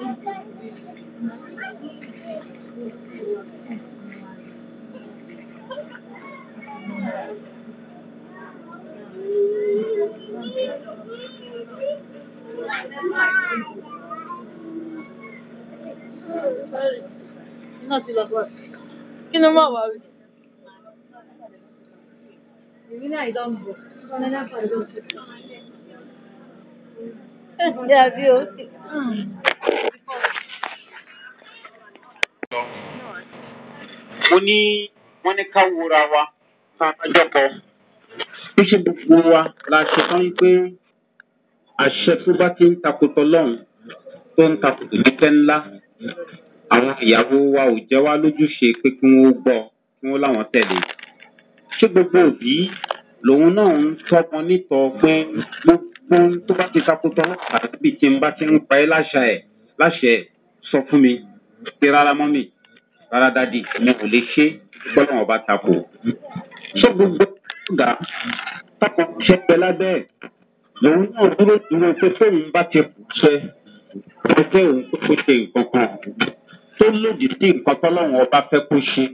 [SPEAKER 2] Iná Kí ni mo wà wí? Èmi náà ìdánwò. Ọ̀nà náà fà ìdánwò dàbí o.
[SPEAKER 1] mo ní wọ́n ní ká wúra wa ká bájọ́ kọ. bí ṣe gbogbo wa la ṣe tán pé àṣẹ tó bá ti ń takòtò lọ́hùn tó ń takòtò níkẹ́ ńlá àwọn ìyàwó wa ò jẹ́ wá lójúṣe pé kí wọ́n gbọ́ kí wọ́n láwọn tẹ̀lé. ṣé gbogbo òbí lòun náà ń tọpọn nítọ pé gbogbo tó bá ti sakutọ ọlọpàá bíi tí n bá ti ń pa ẹ láṣà ẹ láṣẹ sọ fún mi pé rárá mọ́ mi rárá dádì mi ò lè ṣe gbọ́dọ̀ wọn bá takò. ṣé gbogbo ọ̀gá takò ṣe pẹ́ lábẹ́ ẹ̀ lòun náà dúró dúró pé fóun bá ti ṣe pé òun kò ṣe nǹkan kan tó lòdì sí nǹkan tọ́lọ́run ọba fẹ́ kó ṣe.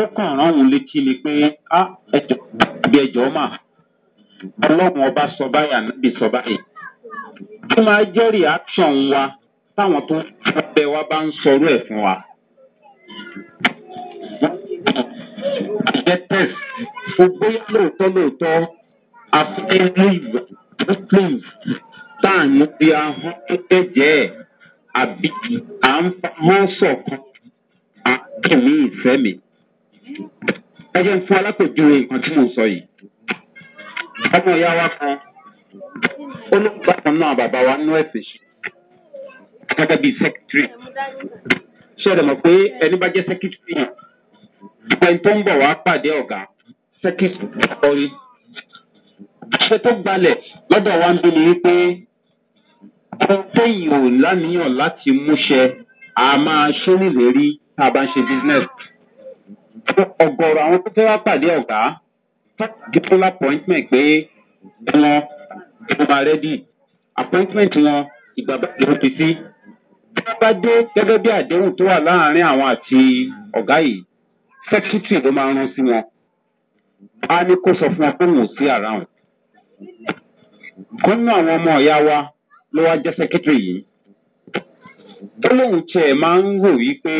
[SPEAKER 1] kọ́kàn rán òun létí ni pé á ẹjọ́ bí mà ọlọ́run ọba sọ báyà níbi sọ báyìí. kí máa jẹ́ reaction wa táwọn tó bẹ wa bá ẹ̀ fún wa. àjẹ test lóòótọ́ lóòótọ́ tá à ń ahọ́n àbí à ẹ jẹ́ fún alápèjúwe nǹkan tí mò ń sọ yìí. ọmọ ìyá wa kan ó ló ń bá kan náà bàbá wa nú ẹ̀sìn ṣe gẹ́gẹ́ bíi sẹ́kítírì. ṣé ẹ mọ̀ pé ẹni bá jẹ́ sẹ́kítírì yẹn ẹni tó ń bọ̀ wá pàdé ọ̀gá sẹ́kítírì ọ̀rí. ṣé tó gbalẹ̀ lọ́dọ̀ wa ń bí ni wípé ohun téèyàn ò láníyàn láti múṣẹ a máa ṣé nílérí tá a bá ń ṣe business. Ọgọrọ àwọn tó wá pàdé ọ̀gá appointment pé wọn wọn máa appointment wọn ìgbà báyìí ló fi sí bí to bá dé bí àdéhùn tó wà láàrin àwọn àti ọgá yìí ló máa rán sí wọn a ní kó sọ fún wọn pé wọn ò sí àràùn gómìnà ọmọ ọ̀yá wa ló wá jẹ́ yìí gbólóhùn tiẹ̀ máa ń wí pé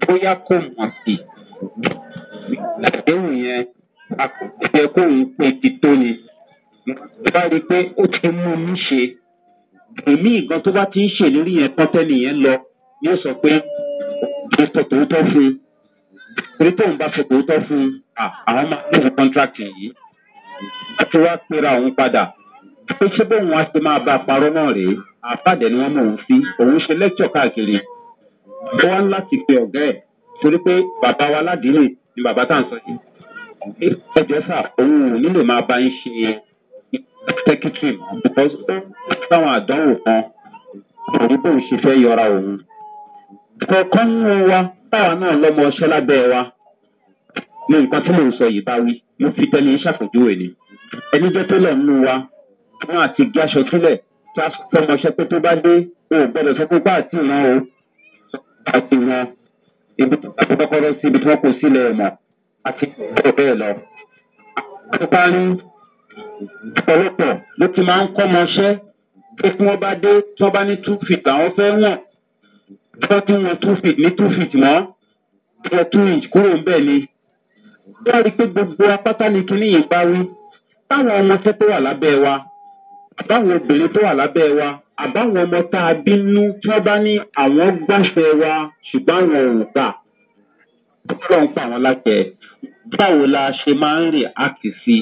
[SPEAKER 1] bóyá kò mọ̀ àdéhùn yẹn a kò jẹ́ kóun pé ti tó ni tó bá rí i pé ó ti mú un ṣe èmi ìgan tó bá ti ń ṣèlérí yẹn tán tẹ́lẹ̀ yẹn lọ yóò sọ pé mo fọ tòótọ́ fún un torí tóun bá fọ tòótọ́ fún un àwọn máa ní ìwọ̀n contract yìí láti wá pera òun padà pé ṣé bóun á ṣe máa bá a parọ́ náà rèé àbádẹ́ ni wọ́n mọ̀ òun sí òun ṣe lẹ́kṣọ̀ káàkiri ó wá láti pe ọ̀gá ẹ̀ torí pé bàbá wa ládìílè ni bàbá tá à ń sọ yìí ẹjẹ sà òun ò nílò máa bá ń ṣe secretary because táwọn àdánwò kan torí bóun ṣe fẹ́ yọra òun kọ̀ọ̀kan nínú wa táwa náà lọ́mọ ọṣẹ́ lábẹ́ wa ní nǹkan tí mò ń sọ yìí bá wí mo fi tẹ́lẹ̀ ń ṣàpèjúwe ni ẹni jẹ́ tó lọ nínú wa wọn àti gé aṣọ sílẹ̀ kí aṣọ tọmọṣẹ́ pé tó bá dé o ò gbọ́dọ̀ sọ pé bá àti o àti ìran àti kọ́kọ́rọ́ sí ibi tí wọ́n kó sílẹ̀ mọ̀ àti bẹ́ẹ̀ bẹ́ẹ̀ lọ. àtúparí ọ̀pọ̀lọpọ̀ ló ti máa ń kọ́ mọṣẹ́ pé tí wọ́n bá dé tí wọ́n bá ní two feet àwọn fẹ́ wọ̀n tí wọ́n tún wọn two feet ní two feet mọ́ tí wọ́n two inch kúrò ń bẹ̀ ni. wọ́n rí i pé gbogbo apáta ni kinní yìí bá wí. táwọn ọmọ sẹ́pẹ́ wà lábẹ́ wa àbáwọn obìnrin tó wà lábẹ́ wa àbáwọn ọmọ tá a bí nú tí wọ́n bá ní àwọn gbàṣẹ wa ṣùgbọ́n àwọn ò gbà ọlọ́run pa àwọn láṣẹ báwo la ṣe máa ń rìn àkìsí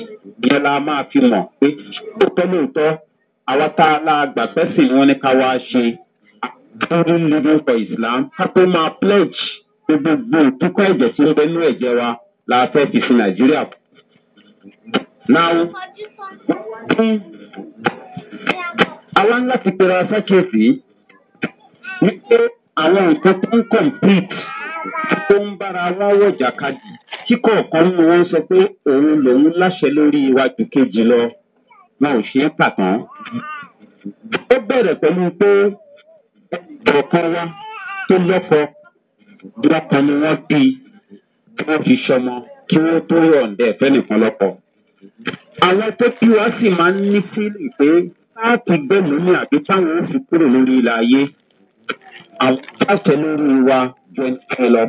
[SPEAKER 1] ìyẹn la máa fi mọ̀ pé lóòótọ́ lóòótọ́ àwa tá a la gbàgbẹ́ sí ni wọ́n ní ká wá ṣe during living for islam ká tó máa pledge gbogbo ìtúkọ̀ ẹ̀jẹ̀ tí ó bẹ nú ẹ̀jẹ̀ wa la fẹ́ fi fi nàìjíríà. now àwa ń láti pera sákèsì wípé àwọn nǹkan tó ń complete tó ń bára wọn wọ̀jà kadì tí kọ̀ọ̀kan nínú wọn sọ pé òun lòun láṣẹ lórí iwájú kejì lọ wọn ò ṣe é kà tán. ó bẹ̀rẹ̀ pẹ̀lú pé ọ̀kan wa tó lọ́kọ lọ́kọ ni wọ́n bí wọ́n fi ṣọmọ kí wọ́n tó yọ̀ǹdẹ̀ fẹ́nìkan lọ́kọ. àwọn tó bí wa sì máa ń ní fílì pé Láti ti ní àbí táwọn kúrò lórí ilẹ̀ ayé àwọn lórí wa jọ lọ.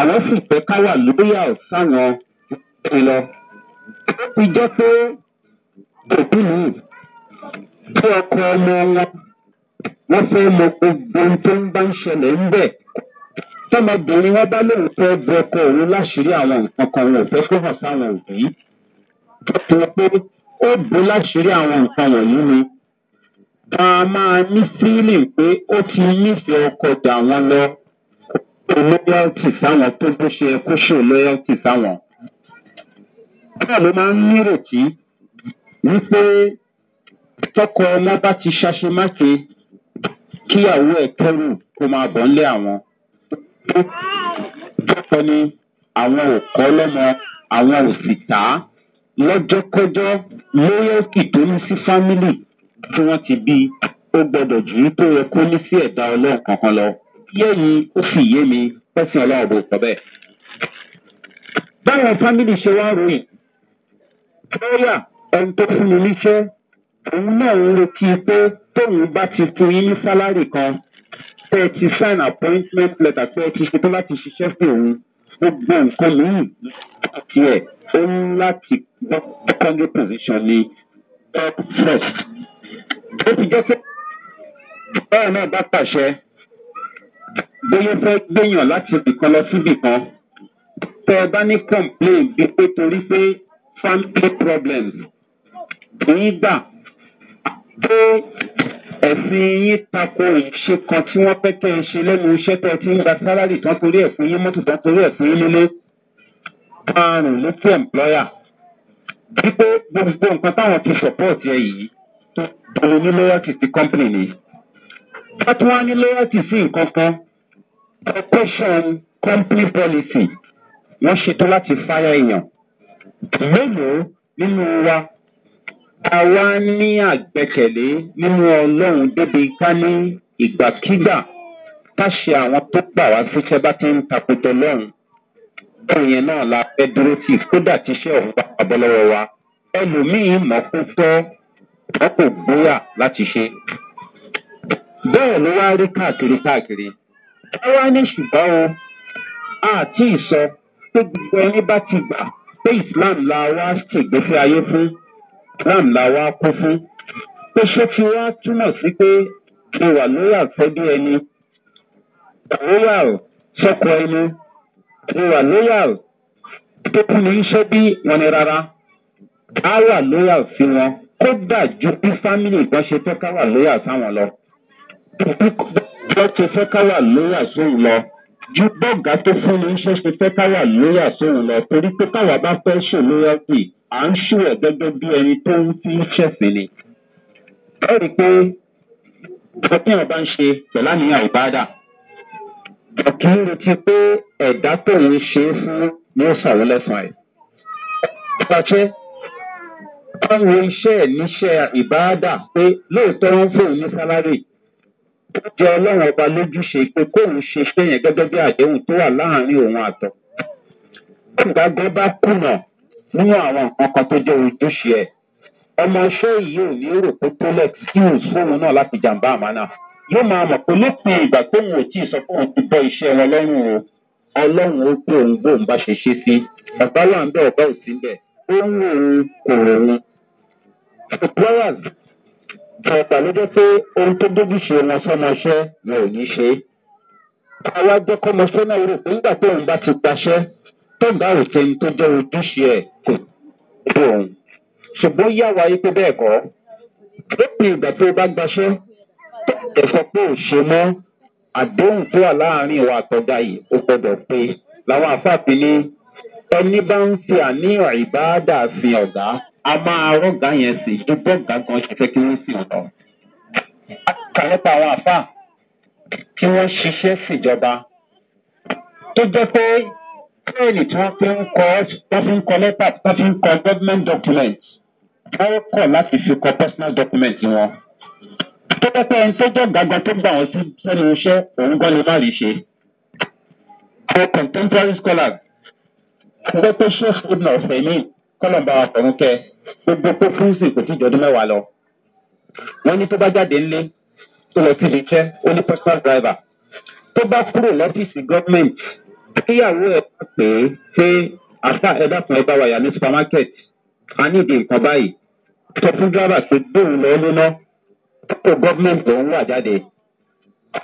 [SPEAKER 1] àwọn sì fẹ́ ká wà lóyàl sáwọn ẹ lọ. ó ti jẹ́ pé mi ọmọ wọn wọ́n fẹ́ mọ gbogbo tó ń bá ń ṣẹlẹ̀ ń bẹ̀. wọn bá lóun àwọn nǹkan kan wọn fẹ́ kó hàn ó bu láṣìírí àwọn nǹkan wọ̀nyí ni gan máa ní fílìn pé ó ti nífẹ̀ẹ́ ọkọ̀ dà wọ́n lọ kó lóyọ́tì sáwọn tó bó ṣe kó ṣe lóyọ́tì sáwọn. bẹ́ẹ̀ ló máa ń nírètí wípé tọkọ ọmọ bá ti ṣaṣemáṣe kíyàwó ẹ̀ kẹ́rù kó máa bọ̀ ńlé àwọn.
[SPEAKER 2] bẹ́ẹ̀
[SPEAKER 1] ni àwọn ò kọ́ lọ́mọ àwọn ò sì tà á lọ́jọ́kọ́jọ́ lórí òkì tó ní sí fámìlì tí wọ́n ti bí ó gbọ́dọ̀ jù ú tó yẹ kó ní sí ẹ̀dá ọlọ́run kankan lọ. yẹ́yìn ó fi yé mi pẹ́sìn ọlọ́run bò sọ bẹ́ẹ̀. báwọn fámìlì ṣe wá ròyìn lọ́yà ẹni tó fún mi níṣẹ́ òun náà ń retí pé tóun bá ti fún yín ní sálárì kan tẹ́ ẹ ti sign appointment letter tẹ́ ẹ ti ṣetán láti ṣiṣẹ́ fún òun gbogbo nǹkan mìíràn àti ẹ̀ ó ń láti gbọ́ secondary position ni top first. ó ti jẹ́ pé báyọ̀ náà bá pàṣẹ bóyá fẹ́ gbéyàn láti ibìkan lọ síbì kan tẹ́ ẹ bá ní complain bíi pé torí pé family problems kì í gbà pé ẹ̀sìn yín tako ìṣe kan tí wọ́n fẹ́ kẹ́ ẹ ṣe lẹ́nu iṣẹ́ tẹ́ ti ń gba sálárì tán torí ẹ̀ fún yín mọ́tò tán torí ẹ̀ fún yín nílé àrùn ló fún ẹ̀mplọ́yà wípé gbogbo nǹkan táwọn ti support ẹ yìí òun ní loyalty ti company ni wọ́n tún wá ní loyalty sí nǹkan kan corporation company policy wọ́n ṣetán láti fáyà èèyàn mélòó nínú wa a wá ní àgbẹkẹ̀lé nínú ọlọ́run débi ká ní ìgbàkigbà ká ṣe àwọn tó gbà wá síṣẹ́ bá ti ń takotọ lọ́run bẹ́ẹ̀ yẹn náà la fẹ́ dúró tì kódà tíṣẹ́ ọ̀hún bá pabọ́ lọ́wọ́ wa ẹlòmíín mọ̀ kó tọ́ wọn gbóyà láti ṣe bẹ́ẹ̀ ló wá rí káàkiri káàkiri ẹ wá ní ṣùgbọ́n o àti ìsọ pé gbogbo ẹni bá ti gbà pé islam la wá ṣègbésí ayé fún islam la wá kú fún pé ṣé tí wá túmọ̀ sí pé mo wà lórí àtẹ́bí ẹni royal sọ́kọ ẹni mo wà royal tó kú ní iṣẹ́ bí wọn ni rárá á wà royal sí wọn kódà ju bí fámìlì kan ṣe fẹ́ ká wà royal sáwọn lọ bí wọ́n ṣe fẹ́ ká wà royal sóhun lọ ju bọ́ọ̀gá tó fún ní iṣẹ́ ṣe fẹ́ ká wà royal sóhun lọ torí pé káwa bá fẹ́ ṣòlóyà sí i à ń ṣù ẹ̀ gẹ́gẹ́ bí ẹni tó ń fi ń ṣẹ̀sìn ni. ẹ rí i pé nǹkan tí wọn bá ń ṣe pẹ̀lú àníyàn ìbáàdà ọ̀kì ń retí pé ẹ̀dá tóun ṣe é fún ní ó sàwọn lẹ́sàn-án ẹ̀. ìpàṣẹ báwo iṣẹ́ ẹ̀ níṣẹ́ ìbáàdà pé lóòótọ́ wọn fóun ní sálárì tó jẹ ọlọ́run ọba lójúṣe pé kóun ṣe iṣẹ́ yẹn gẹ́gẹ́ bí àdéhùn tó wà láàrin òun àtọ̀. ìgbàgbọ́ bá kùnà nínú àwọn nǹkan kan tó jẹ́ ojúṣe ẹ̀ ọmọ iṣẹ́ yìí ò ní rò pé tó lẹ́kìsíwùs fóun náà láti jàǹbá àmánà yóò máa mọ̀ pé lópin ìgbà tóun ò tí ì sọ fóun ti bọ́ iṣẹ́ wọn lọ́rùn o ọlọ́run ó gbé òun bóun bá ṣe ṣe sí ọ̀pá là ń bẹ̀ ọ̀pá ò sí bẹ̀ ó ń kò rò wọn. suppliers ọ̀pá ló pé ohun tó dójú ṣe wọn sọmọṣẹ́ wọn ò ní ṣe. àwa jẹ́ kọ́mọṣẹ́ náà rò pé nígbà tóun bá ti gbaṣẹ́ tó bá ò ṣe tó jẹ́ ojúṣe ẹ̀ kò tó òun. ṣùgbọ́n yá wa yí pé bẹ́ẹ̀ kọ́ lópin ìgbà tó o bá gbaṣẹ́ tó o sọ pé ò ṣe mọ́ àdéhùn tó wà láàrin ìwà àtọ́jà yìí ó gbọ́dọ̀ pé làwọn àfáàfin ní ẹni bá ń fi àníyàn ìbáàdà sin ọ̀gá a máa rọ́gà yẹn sí ju bọ́ọ̀gà gan ṣe fẹ́ kí wọ́n sì lọ. àkàlẹ́pọ̀ àwọn àfáà kí wọ́n ṣiṣẹ́ síjọba tó jẹ́ pé pẹ́ẹ̀nì tí wọ́n fi ń kọ́ tó fi ń kọ́ lẹ́tà tó fi ń kọ́ government document wọ́n kọ̀ láti fi kọ́ personal document wọn. tó bá pẹ́ ẹni tó jẹ́ gàgà tó gbà wọ́n sí sẹ́nu iṣẹ́ òun gan ni má rí ṣe. àwọn contemporary scholars ẹgbẹ́ tó ṣe fúnà ọ̀sẹ̀ ní kọ́lọ̀mbà ọ̀run kẹ gbogbo pé fúnsì kò tí jọdún mẹ́wàá lọ. wọ́n ní tó bá jáde ńlé tó lọ sí ibi iṣẹ́ ó ní personal driver tó bá kúrò lọ́fíìsì gọ́ọ̀mẹ̀ntì kíyàwó ẹ̀ bá pè é pé àfa ẹ dákun ẹ bá wa yà ní supermarket a ní ìdí nǹkan báyìí sọ fún dráìbà pé gbóhùn lọ lóná tó gọ́ọ̀mẹ̀ntì òun wà jáde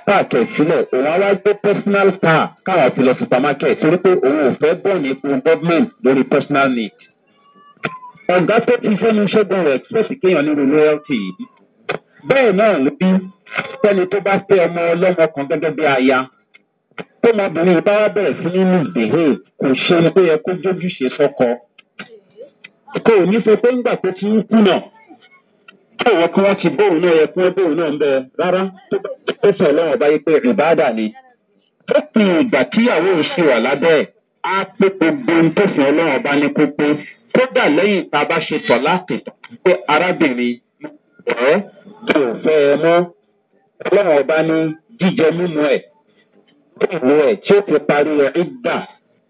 [SPEAKER 1] páàkì ìsílẹ̀ òun wá gbé personal car káwá fi lọ supermarket torí pé òun ò fẹ́ bọ̀ ní fún gọ́ọ̀mẹ̀ntì lórí personal need. ọ̀gá tó ti fẹ́ nu ṣẹ́gun rẹ̀ kíyèsí kéèyàn nínú loyalty yìí bẹ́ẹ̀ náà ló bí sẹ́ni tó bá fẹ́ ọmọ ọlọ́mọ kan gẹ́gẹ́ bí aya tọmọbìnrin bá wá bẹ̀rẹ̀ sí ní misbehave kò ṣe ohun tó yẹ kó jójúṣe sọ́kọ kò ní sọ pé ńgbà tó ti ń kùnà kí àwọn kí wọ́n ti bóun náà yẹ kí wọ́n bóun náà ń bẹ rárá tó sọ ọlọ́run ọba yìí pé rìbáàdà ni ó pin ìgbà tíyàwó òṣù wà lábẹ́ á pé gbogbo ohun tó sọ ọlọ́run ọba ní kó kódà lẹ́yìn tá a bá ṣe tọ̀ láti pé arábìnrin ọ̀rẹ́ kò fẹ́ ẹ mọ́ ọlọ́run ọba ní jíjẹ mímu ẹ̀ ìlú ẹ̀ tí ó fi parí ẹ̀ ìgbà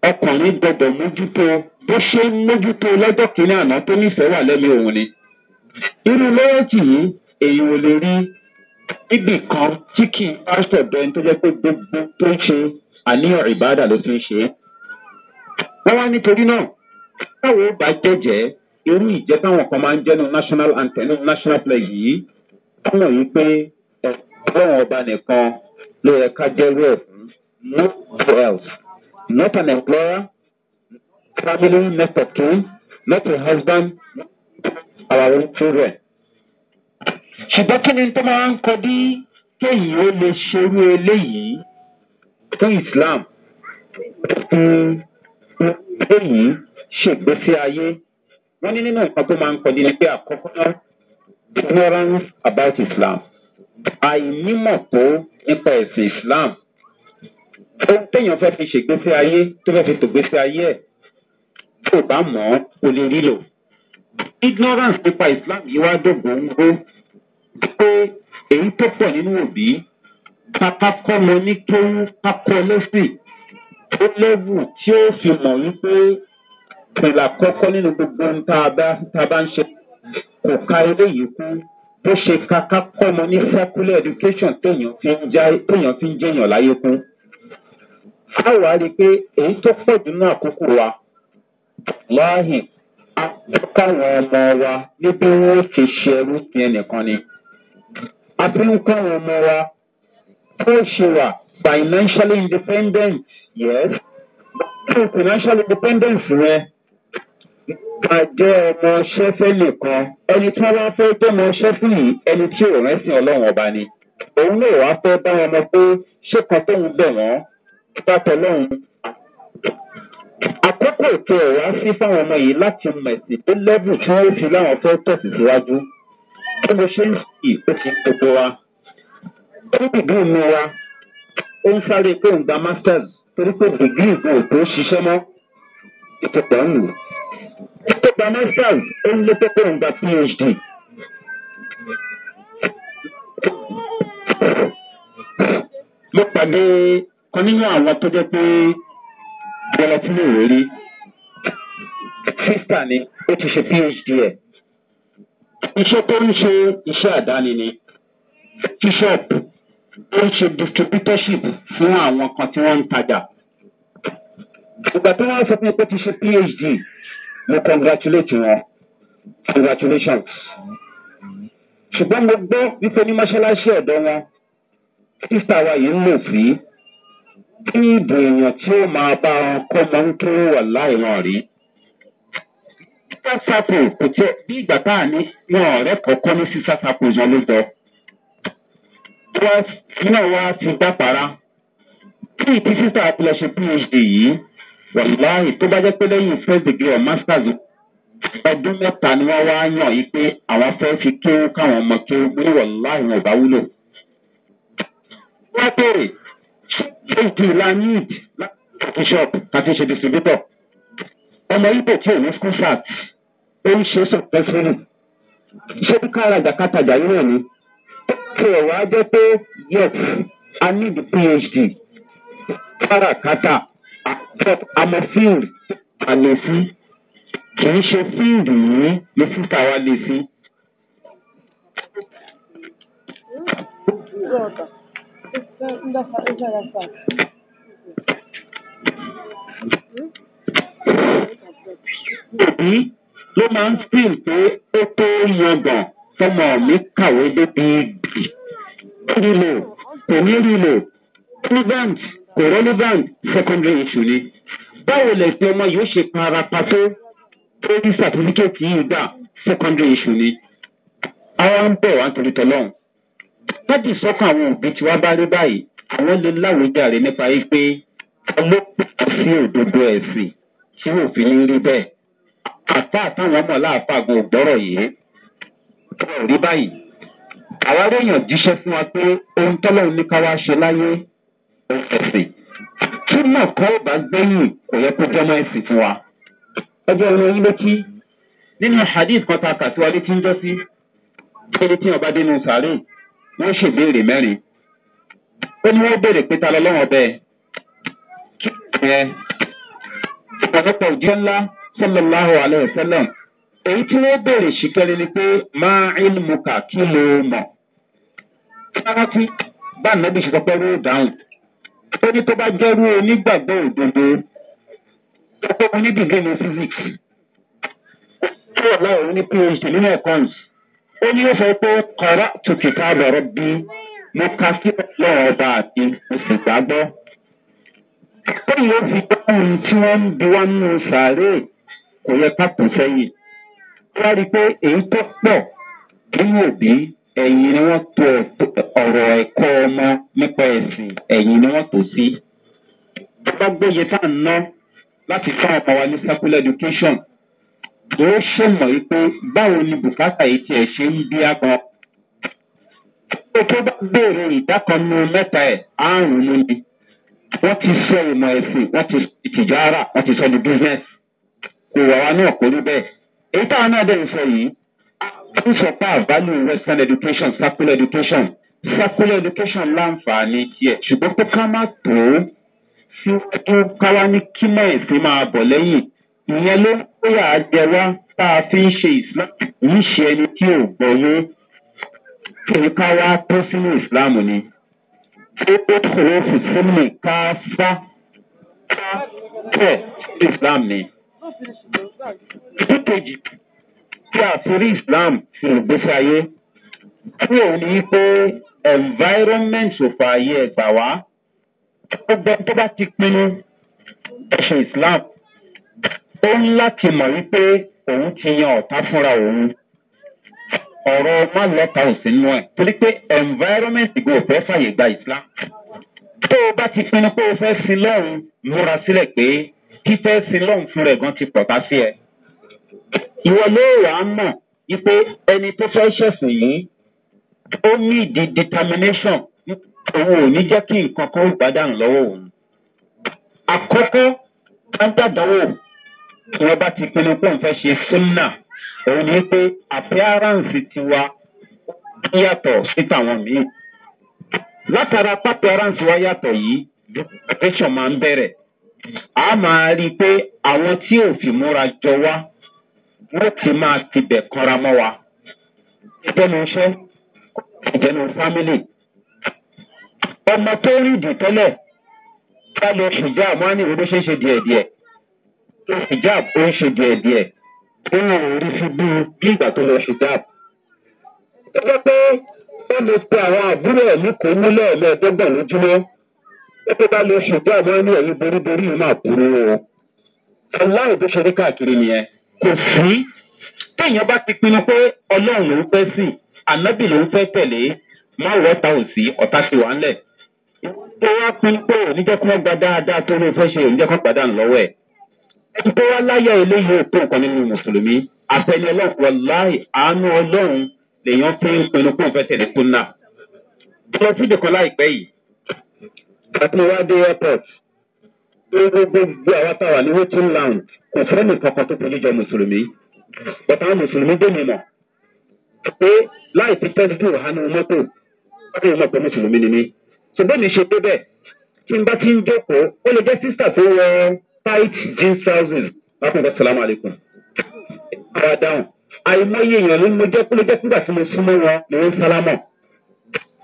[SPEAKER 1] ọkùnrin gbọdọ̀ mójútó bó ṣe ń mójútó lọ́jọ́ kìíní àná tó nífẹ̀ẹ́ wà lẹ́mí òun ni. irú lọ́yọ̀tì yìí èèyàn ò lè rí ibì kan tí kì í bá sọ̀dọ̀ ẹni tó jẹ́ pé gbogbo tó ń ṣe àníyàn ìbáàdà ló fi ń ṣe é. wọ́n wá nítorí náà báwo bá jẹ́jẹ́ irú ìjẹ́ táwọn kan máa ń jẹ́nu national anthem national play yìí wọ́n mọ̀ yìí pé ọ̀pọ̀ ọba nìkan ló yẹ ká jẹ́rú ẹ̀ fún nobody else. Not an employer, family, next of kin, not a husband, our own children. ṣùgbọ́n kí ni tó máa ń kọ dí kéyìn ó lè ṣerú eléyìí fún islam kéyìn ṣègbésí ayé wọ́n ní nínú nǹkan tó máa ń kọ dí ni pé àkọ́kọ́ ignorance about islam àìnímọ̀ tó nípa ẹ̀sìn islam ohun téèyàn fẹ́ fi ṣègbésí ayé tó fẹ́ fi tògbésí ayé ẹ̀ tó bá mọ̀ ọ́ kò lè rí lò. ignorance nípa islam yìí wá dògbòn ń gbó pé èyí tó pọ̀ nínú òbí kàkà kọ́ lọ ní kéwú kakọ lẹ́sìn tó lẹ́wù tí ó fi mọ̀ wípé ìlà kọ́kọ́ nínú gbogbo ohun tá a bá ń ṣe kò ka eléyìí kú bó ṣe kàkà kọ́ mọ ní secular education téèyàn fi ń jẹ́yàn láyé kún a wà á rí i pé èyí tó pọ̀ jù náà àkókò wa láàyè káwọn ọmọ wa ní bí wọ́n ṣe ṣe ẹrú sí ẹnìkan ni. a ọmọ wa tó ṣe wà financially independent yes tó financial independence rẹ gbàjẹ́ ọmọ ṣẹ́fẹ́ nìkan ẹni tí wọ́n fẹ́ jọmọ ṣẹ́fẹ́ yìí ẹni tí ò rẹ́sìn ọlọ́run ọba ni òun náà wàá fẹ́ bá wọn mọ pé ṣé kan tóun bẹ̀ wọ́n papọ̀ lọ́hùn. Àkókò ètò ọ̀wá sí fáwọn ọmọ yìí láti mẹ̀sìn tó lẹ́bù tí wọ́n fi láwọn fẹ́ tẹ̀sí síwájú. Bí mo ṣe ń sì ó ti gbogbo wa. Bí dìgbì mi wa, ó ń sáré pé ń gba masters torí pé dìgbì ìgbò tó ṣiṣẹ́ mọ́ ìtọ̀pọ̀ ń lò. Tó gba masters ó ń lé pé ń gba PhD. Mo pàdé kan nínú àwọn tó jẹ́ pé gẹlẹtínì rẹ̀ rí sísà ni ó ti ṣe phd ẹ̀ iṣẹ́ tó ń ṣe iṣẹ́ àdáni ni bishop ó ń ṣe distributorship fún àwọn kan tí wọ́n ń tajà ìgbà tó wọ́n sọ fún mi pé ti ṣe phd mo congratulate wọn congratulations ṣùgbọ́n mo gbọ́ wípé ní mọ́ṣáláṣí ọ̀dọ́ wọn sísà wa yìí ń lò sí bíìdì èèyàn tí ó máa bá wọn kó mọ ń tó wà láì wọn rí. sísáṣàpò kò jẹ́ bí ìgbà tá à ní wọn ọ̀rẹ́ kọ̀ọ̀kọ́ ní sísáṣàpò yẹn ló jọ. iná wa ti dábàárà kí ìtí sísá àpilẹ̀ ṣe phd yìí wàláhì tó bá jẹ́ pé lẹ́yìn first degree or masters ọdún mẹ́ta ni wọ́n wá yàn yí pé àwọn fẹ́ fi kéwú káwọn ọmọ kéwú ní wàláhì wọn ò bá wúlò. wọ́n béèrè èdè la need láti kàfi shop kàfi ṣe distributor ọmọ ibo tí ò ní school fat ó ń ṣe successfully ṣé bí kárajà kátajà yìí náà ni kí ẹ wá jẹ pé yes i need phd káràkátà àmọ field àlèsí kì í ṣe field yìí ní sísá wa lè sí
[SPEAKER 2] un defa, un defa.
[SPEAKER 1] ló máa ń fìl pé ó tó yangàn tọmọ mi kàwé débi bì rílò kò ní rílò relevant kò relevant secondary issue ni báwo lè fi ọmọ yóò ṣe parapa tó tó ní certificate yìí gbà secondary issue ni àwọn ń bẹ̀ wá nítorí tọ́lọ́run bẹ́ẹ̀dì sọ́kàn àwọn òbí tí wọ́n bá rí báyìí àwọn lè láwùjáre nípa yìí pé ló pọ̀ sí òdodo ẹ̀sìn tí wò fi ń rí bẹ́ẹ̀. àpá àtàwọn ọmọ láàfàgùn ògbọ́rọ̀ yìí ọ̀rọ̀ rí báyìí. àwa réèyàn jíṣẹ́ fún wa pé ohun tọ́lọ́run ní ká wá ṣe láyé ohun ẹ̀sìn. kí náà kọ́ ò bá gbẹ́yìn kò yẹ kó jọmọ ẹ̀sìn fún wa. ọjọ́ ìrìn oyin létí nínú hadith kan ta kà sí wa létí ń jọ sí. kí ni tí ọba dénú sàárè? wọ́n ṣèbéèrè mẹ́rin ó ní wọ́n béèrè pé ta lọ́lọ́wọ́n bẹ́ẹ̀ kí ẹ ọ̀pọ̀lọpọ̀ òjì ńlá sọlọ́láhùn alẹ́ sẹ́lẹ̀m èyí tí wọ́n béèrè ṣìkẹ́rin ni pé máa ń mú kà kí ló mọ̀ sáratí bá nàbí ṣe sọpẹ́ ró dáhùn ó ní tó bá jẹ́rú onígbàgbọ́ òdodo ọ̀pọ̀ onídìgbé ní physics ó ní ọ̀la òun ní phd nínú ẹ̀kọ́ yìí ó ní ó sọ pé kọ̀rọ̀ tòkìtà bẹ̀rẹ̀ bí mo ka sí ọlọ́run ọba àti mo sì gbàgbọ́. ó yẹ fi dáhùn tí wọ́n ń bi wá nínú sàárè kò yẹ ká kù sẹ́yìn. wọ́n rí i pé èyí tó pọ̀ nínú òbí ẹ̀yìn ni wọ́n to ọ̀rọ̀ ẹ̀kọ́ ọmọ nípa ẹ̀sìn ẹ̀yìn ni wọ́n tò sí. bàbá gbóye tá ń ná láti fún ọmọ wa ní circular education ló ṣèmọ̀ yìí pé báwo ni bùkátà yìí tiẹ̀ ṣe ń bí agbọn. ó tó bá béèrè ìdá kan nu mẹ́ta ẹ̀ àrùn ló ní. wọ́n ti sọ ìmọ̀ ẹ̀sìn wọ́n ti sọ ìtìjọ́ ara wọ́n ti sọ ní bísíǹsì. kò wà wá náà kó rí bẹ́ẹ̀. èyí táwọn náà dẹ̀ ń sọ yìí ń sọ pé àbálù western education circular education circular education láǹfààní tiẹ̀ ṣùgbọ́n pé ká má tó síwájú káwá ní kí mẹ́ẹ̀sì máa bọ̀ lẹ́yìn ìyẹn ló ń kóyà jẹ wá tá a fi ń ṣe islam kì í ṣe ẹni tí ò gbọ́yé torí ká wá tó sínú islam ni tó tó kòrò fùsùnmù ká fá
[SPEAKER 2] ká tẹ̀ islam ni. Tíkejì
[SPEAKER 1] tí a fi rí islam fi ìgbésí ayé tí òun ní pé environment ò fààyè ẹgbà wá tó bá ti pinnu ẹ̀sìn islam ó ń láti mọ̀ wípé òun ti yan ọ̀tá fúnra òun ọ̀rọ̀ má lọ́ta ò ẹ̀ torí pé environment go fẹ́ fàyè gba islam tó o bá ti pinnu pé o fẹ́ sin lọ́run múra sílẹ̀ pé títẹ́ sin lọ́run fún rẹ̀ gan ti pọ̀tá sí ẹ. ìwọ ló wà á mọ̀ wípé ẹni tó fẹ́ ṣẹ̀sìn yìí ó ní ìdí determination òun ò ní jẹ́ kí nǹkan kan ó gbádàn lọ́wọ́ òun. àkọ́kọ́ ká dàdánwò tí wọ́n bá ti pinnu pé òun fẹ́ ṣe súnà òun ni pé àpẹ́áránsì tiwa yàtọ̀ sí tàwọn míì. látara pápẹ́áránsì wa yàtọ̀ yìí depression máa ń bẹ̀rẹ̀. a máa rí i pé àwọn tí ò fi múra jọ wá wọ́n ti máa tibẹ̀ kanra mọ́ wa. ìtẹ́nu iṣẹ́ ìtẹ́nu fámìlì. ọmọ tó rí ìdí tẹ́lẹ̀ ká ṣùjá àmọ́ ní ìwé ló ṣe é ṣe díẹ̀díẹ̀ hijab ó ń ṣe díẹ̀díẹ̀ ó ń rí sí bí ìgbà tó lọ hijab. ó jẹ́ pé ó lè pe àwọn àbúrò ẹ̀ ní kò ní lẹ́ẹ̀mẹ́ẹ̀dọ́gbọ̀n lójúmọ́ ó tó bá lọ hijab wọn ní ẹ̀yìn boríborí yìí máa burú wọn. aláì tó ṣe rí káàkiri nìyẹn kò sí téèyàn bá ti pinnu pé ọlọ́run ló ń fẹ́ sìn ànábì ló ń fẹ́ tẹ̀lé má wọ́ta ò sí ọ̀tá ti wà ńlẹ̀. tó wá pinnu pé òní jẹ́ kí wọ́n gba dáadáa tó ló fẹ́ ṣe òní jẹ́ kó padà ńlọ́wọ́ ẹ̀ ẹni tó wá láyà eléyìí òpó nǹkan nínú mùsùlùmí àtẹni ọlọ́run wàláì àánú ọlọ́run lèèyàn fi ń pinnu kó n fẹ́ tẹ̀lé kúnná. lọ sí ìdìkan láìpẹ́ yìí àti wá dé airport gbogbo àwọn táwa ní waiting lounge kò fẹ́ nìkan kan tó fojú jọ mùsùlùmí bàtà àwọn mùsùlùmí dé mi mọ̀ pé láì fi tẹ́sítì òhánu mọ́tò wọ́n ti sọ pé mùsùlùmí ni mí. ṣùgbọ́n mi ṣe pé bẹ́ẹ̀ tí n bá ti ń jókòó ó lè jẹ́ sísà tó wọ́n tight jeansousin lákùnkàn salamu alaykum ara dáhùn àìmọye èèyàn ló mo jẹ́ kó ló jẹ́ nígbà tí mo súnmọ́ wọn ni wọ́n sálámọ̀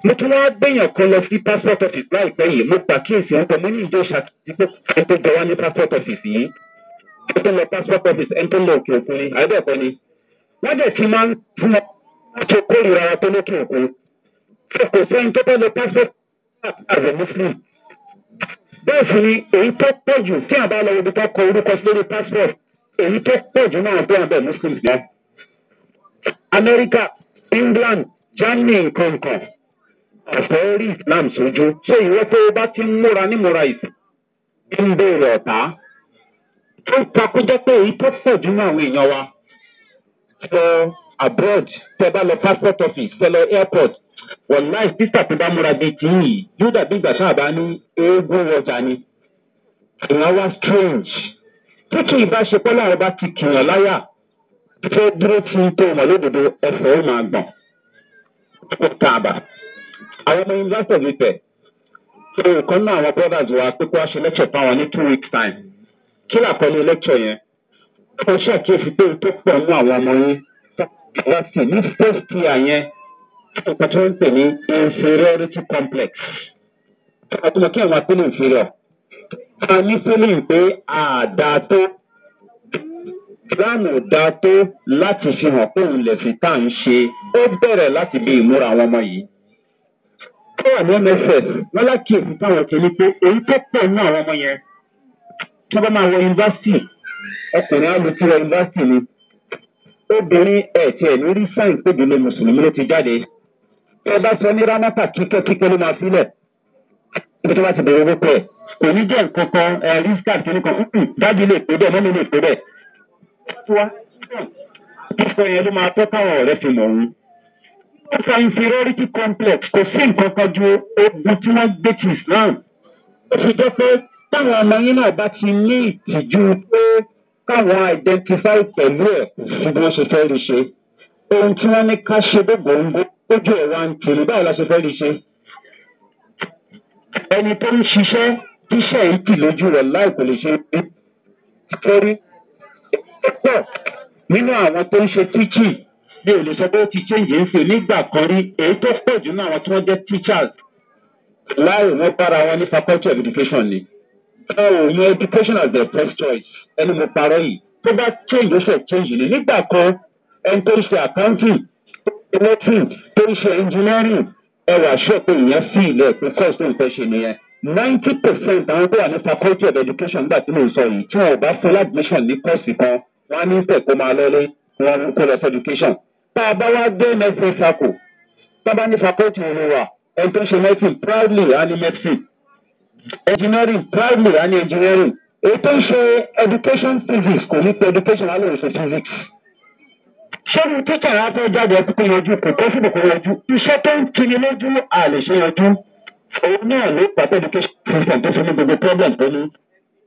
[SPEAKER 1] mo tún wáá gbẹ̀yàn kan lọ sí passport office láìpẹ́ yìí mo pàkíyèsí wọn pé mo ní ìjọ ṣàkíyèsí pé ẹni tó jọ wá ní passport office yìí ẹni tó lọ passport office ẹni tó lọ òkè òkun ni àìbẹ̀ẹ̀kọ́ ni wọ́n dẹ̀ ti máa ń fún ọ láti kórìíra tó lókè òkun kò sẹ́ni tó fẹ́ lọ passport office as a muslim bẹ́ẹ̀ sì ni èyí tó pọ̀ jù tí àbá lọ ibi tó kọ orúkọ lórí passport èyí tó pọ̀ jù náà bí abẹ́ muslim náà. amẹ́ríkà england germany nǹkan kan ọ̀fẹ́ rí islam sójú ṣé ìwé pé o bá ti ń múra ní múra ìsìn ń béèrè ọ̀tá tó takújẹ́ pé èyí tó pọ̀ jù náà àwọn èèyàn wa. sọ abroad tẹ bá lọ passport office tẹ lọ airport wọláì sísà tó bá múra bíi tí yìí yóò dàbí ìgbà sáà bá ní eégún wọjà ni ìyẹn wá strange tí kì í bá ṣe pé láàrin bá ti kìyàn láyà tó dúró tí tó mọ̀ lódodo ẹ̀fọ́ ó máa gbọ̀n kó tààbà àwọn ọmọ yunifásitì mi tẹ̀ ṣe nǹkan náà àwọn brothers wa pé kó wá ṣe lecture fáwọn ní two weeks time kí làkọlé lecture yẹn kó ṣàkíyèsí pé tó pọ̀ nú àwọn ọmọ yín láti ní first year yẹn ẹ̀kọ́ tó ń pè ní inferiority complex. ọ̀tún kí àwọn apẹ́lẹ̀ inferior. a ní feeling pé àdá tó ìsìláàmù dá tó láti fi hàn pé òun lè fi tá à ń ṣe ó bẹ̀rẹ̀ láti bí ìmúra àwọn ọmọ yìí. tó wà ní mss wọn lákìyèsí táwọn ti ní pé èyí tó pọ̀ ní àwọn ọmọ yẹn tó bá máa wọ yunifásitì ọkùnrin alùpùpù wọ yunifásitì ni obìnrin ẹ̀ tiẹ̀ ní rí sáyìn pé ìdílé mùsùlùmí ló ti jáde ẹ bá sọ ní ránápà kíkẹ́ kíkẹ́ ló máa sílẹ̀ ibi tó bá ti bẹ̀rẹ̀ wọ́pẹ́ kò ní jẹ́ nǹkan kan ẹ rísíkà kìíní kan kúkú dájú lè pé bẹ́ẹ̀ mọ́mí lè pé bẹ́ẹ̀. kíkọ yẹn ló máa tọ́ káwọn ọ̀rẹ́ fi mọ̀ ọ́n. ó fa inferiority complex kò sí nǹkan kan ju ogun tí wọ́n gbé ti islam. ó fi jẹ́ pé táwọn ọmọ yín náà bá ti ní ìtìjú pé káwọn identify pẹ̀lú ẹ̀ sí bí wọ́n ṣe fẹ́ rí ṣe ohun tí wọ́n ní ká ṣe dé gbòǹgbò ojú ẹ̀ wá ń kiri báwo la ṣe fẹ́ lè ṣe. ẹni tó ń ṣiṣẹ́ tíṣẹ́ yìí kì lójú rẹ̀ láìpẹ́ lè ṣe bí torí pọ̀ nínú àwọn tó ń ṣe tíṣì mi ò lè sọ pé ó ti change ń fi nígbà kan rí èyí tó pọ̀ jù náà àwọn tí wọ́n jẹ́ teachers láì wọ́n bára wọn ní faculty of education ni. báwo ni education as their first choice ẹni mo parọ́ yìí tó bá change ó ṣe change ni nígbà kan ẹni tó ń ṣe accounting electric tó engineering ẹ̀rọ àṣọ pé ìyẹn sí ilẹ̀ pé course tó ń nìyẹn ninety percent àwọn tó wà ní faculty of education gbà tí mò ń sọ yìí tí wọn ò bá fún admission ní kọ́ọ̀sì kan wọn á ní fẹ́ kó máa lọ́lé wọn kó lọ sí education. tá a bá wá dé medicine sako tá a bá ní faculty òun wà ẹni medicine proudly á ní medicine engineering proudly á ní engineering èyí tó education physics kò ní pé education á lè physics
[SPEAKER 2] ṣé ní tíṣà wa fẹ́ jáde pípé yanjú kò kọ́ síbò kò yanjú iṣẹ́ tó ń kiri lójú à lè ṣe
[SPEAKER 1] yanjú òun náà ló pàtó education system tó fi ní gbogbo problem tó ní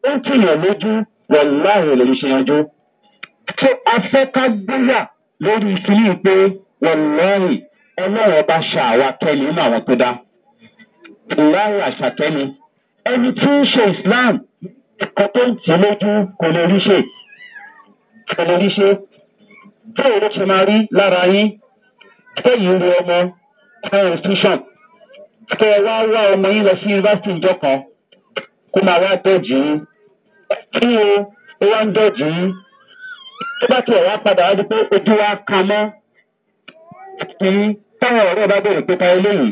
[SPEAKER 1] ó ń kìyàn lójú wọ̀n láàrin lè ṣe yanjú tó afẹ́ ká gbéyà lórí ìfìlí pé wọ̀n láàrin ọlọ́run ọba ṣàwà kẹ́lì nínú àwọn tó dá láàrin àṣàkẹ́ni ẹni tí ń ṣe islam kọ́tẹ́ǹtì lójú kò lè rí ṣe kò lè rí ṣe. kéèrè ṣe máa rí lára yín kẹ́yìn rí ọmọ fún institution kẹ́ wá wá ọmọ yín lọ sí yunifásitì ìjọ kan kó máa wá yín kí o ó wá ń dọ̀jì yín tó bá tiẹ̀ wá padà wá pé ojú wa ka mọ́ kí táwọn ọ̀rẹ́ bá bẹ̀rẹ̀ pé eléyìí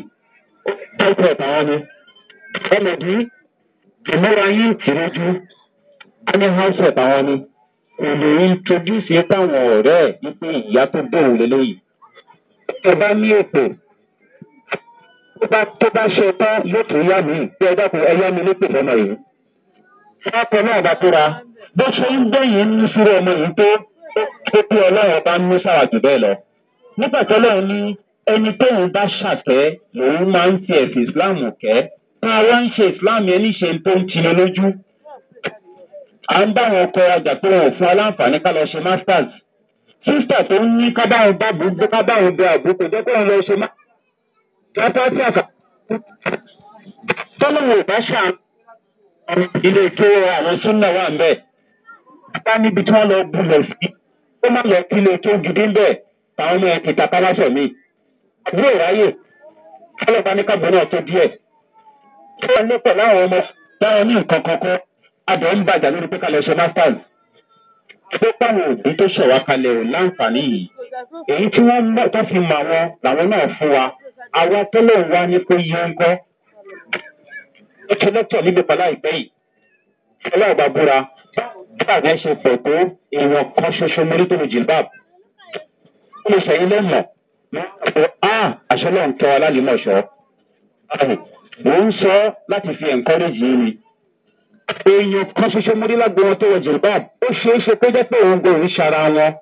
[SPEAKER 1] òun ló introduce yín táwọn ọ̀rẹ́ ẹ̀ wípé ìyá tó bóun lélẹ́yìí. ẹ bá ní èpè tó bá tó bá ṣe tán yóò tún yá mi bí ẹ dákun ẹ yá mi lépè fọmọ yìí. ọkọ náà bá tóra bó ṣe ń gbẹ̀yìn ní sírò ọmọ yìí tó tó kí ọlọ́run bá ń mú sára jù bẹ́ẹ̀ lọ. nígbà tó lọ́run ní ẹni tóun bá ṣàkẹ́ lòun máa ń ti ẹ̀sìn islam kẹ́ tá a wá ń ṣe islam yẹn níṣe tó ń tinú lójú à ń bá àwọn ọkọ ọjà pé wọn ò fún aláǹfààní ká lọ ṣe masters sísítà tó ń ní ká báwọn bá gbogbo ká báwọn bẹ àbú kò jẹ́ kó wọn lọ ṣe má. dátà tí àkà tọ́lọ́wọ̀ bá ṣàánú àwọn ilé tó àwọn súnà wà ń bẹ̀. bá níbi tí wọ́n lọ bulẹ̀ sí ó má lọ kí ilé tó gidi ń bẹ̀ táwọn ọmọ ẹ̀kì tàpá láṣọ mi. àbúrò ráyè tọ́lọ́ba ní kábọ̀ náà tó díẹ̀. tí wọ́n lépọ̀ láwọn ọmọ láwọn ní nǹkan kankan adọ̀ ń bàjá lórí pé ká lọ ṣe masters tó báwọn òbí tó ṣọ̀wá kalẹ̀ ò láǹfààní yìí èyí tí wọ́n mọ̀ tó fi mọ̀ àwọn làwọn náà fún wa àwa tó lè wá ní pé yẹ ń gbọ́ ó lọ́tọ̀ níbi pàlá ìpẹ́ yìí ọlọ́ọ̀bà búra báàbí ẹ ṣe pọ̀ tó èèyàn kan ṣoṣo mórí tó lu jilbab ó lè ṣẹ̀yìn lọ́mọ̀ pé a àṣẹ lọ́nkẹ́ wa lálẹ́ mọ̀ṣọ́ mo ń sọ láti fi encourage yìí ni èèyàn kan ṣoṣo mo rí lágbo wọn tó wọ jilbab ó ṣeé ṣe pé jẹ́ pé òun gan òun ṣara wọn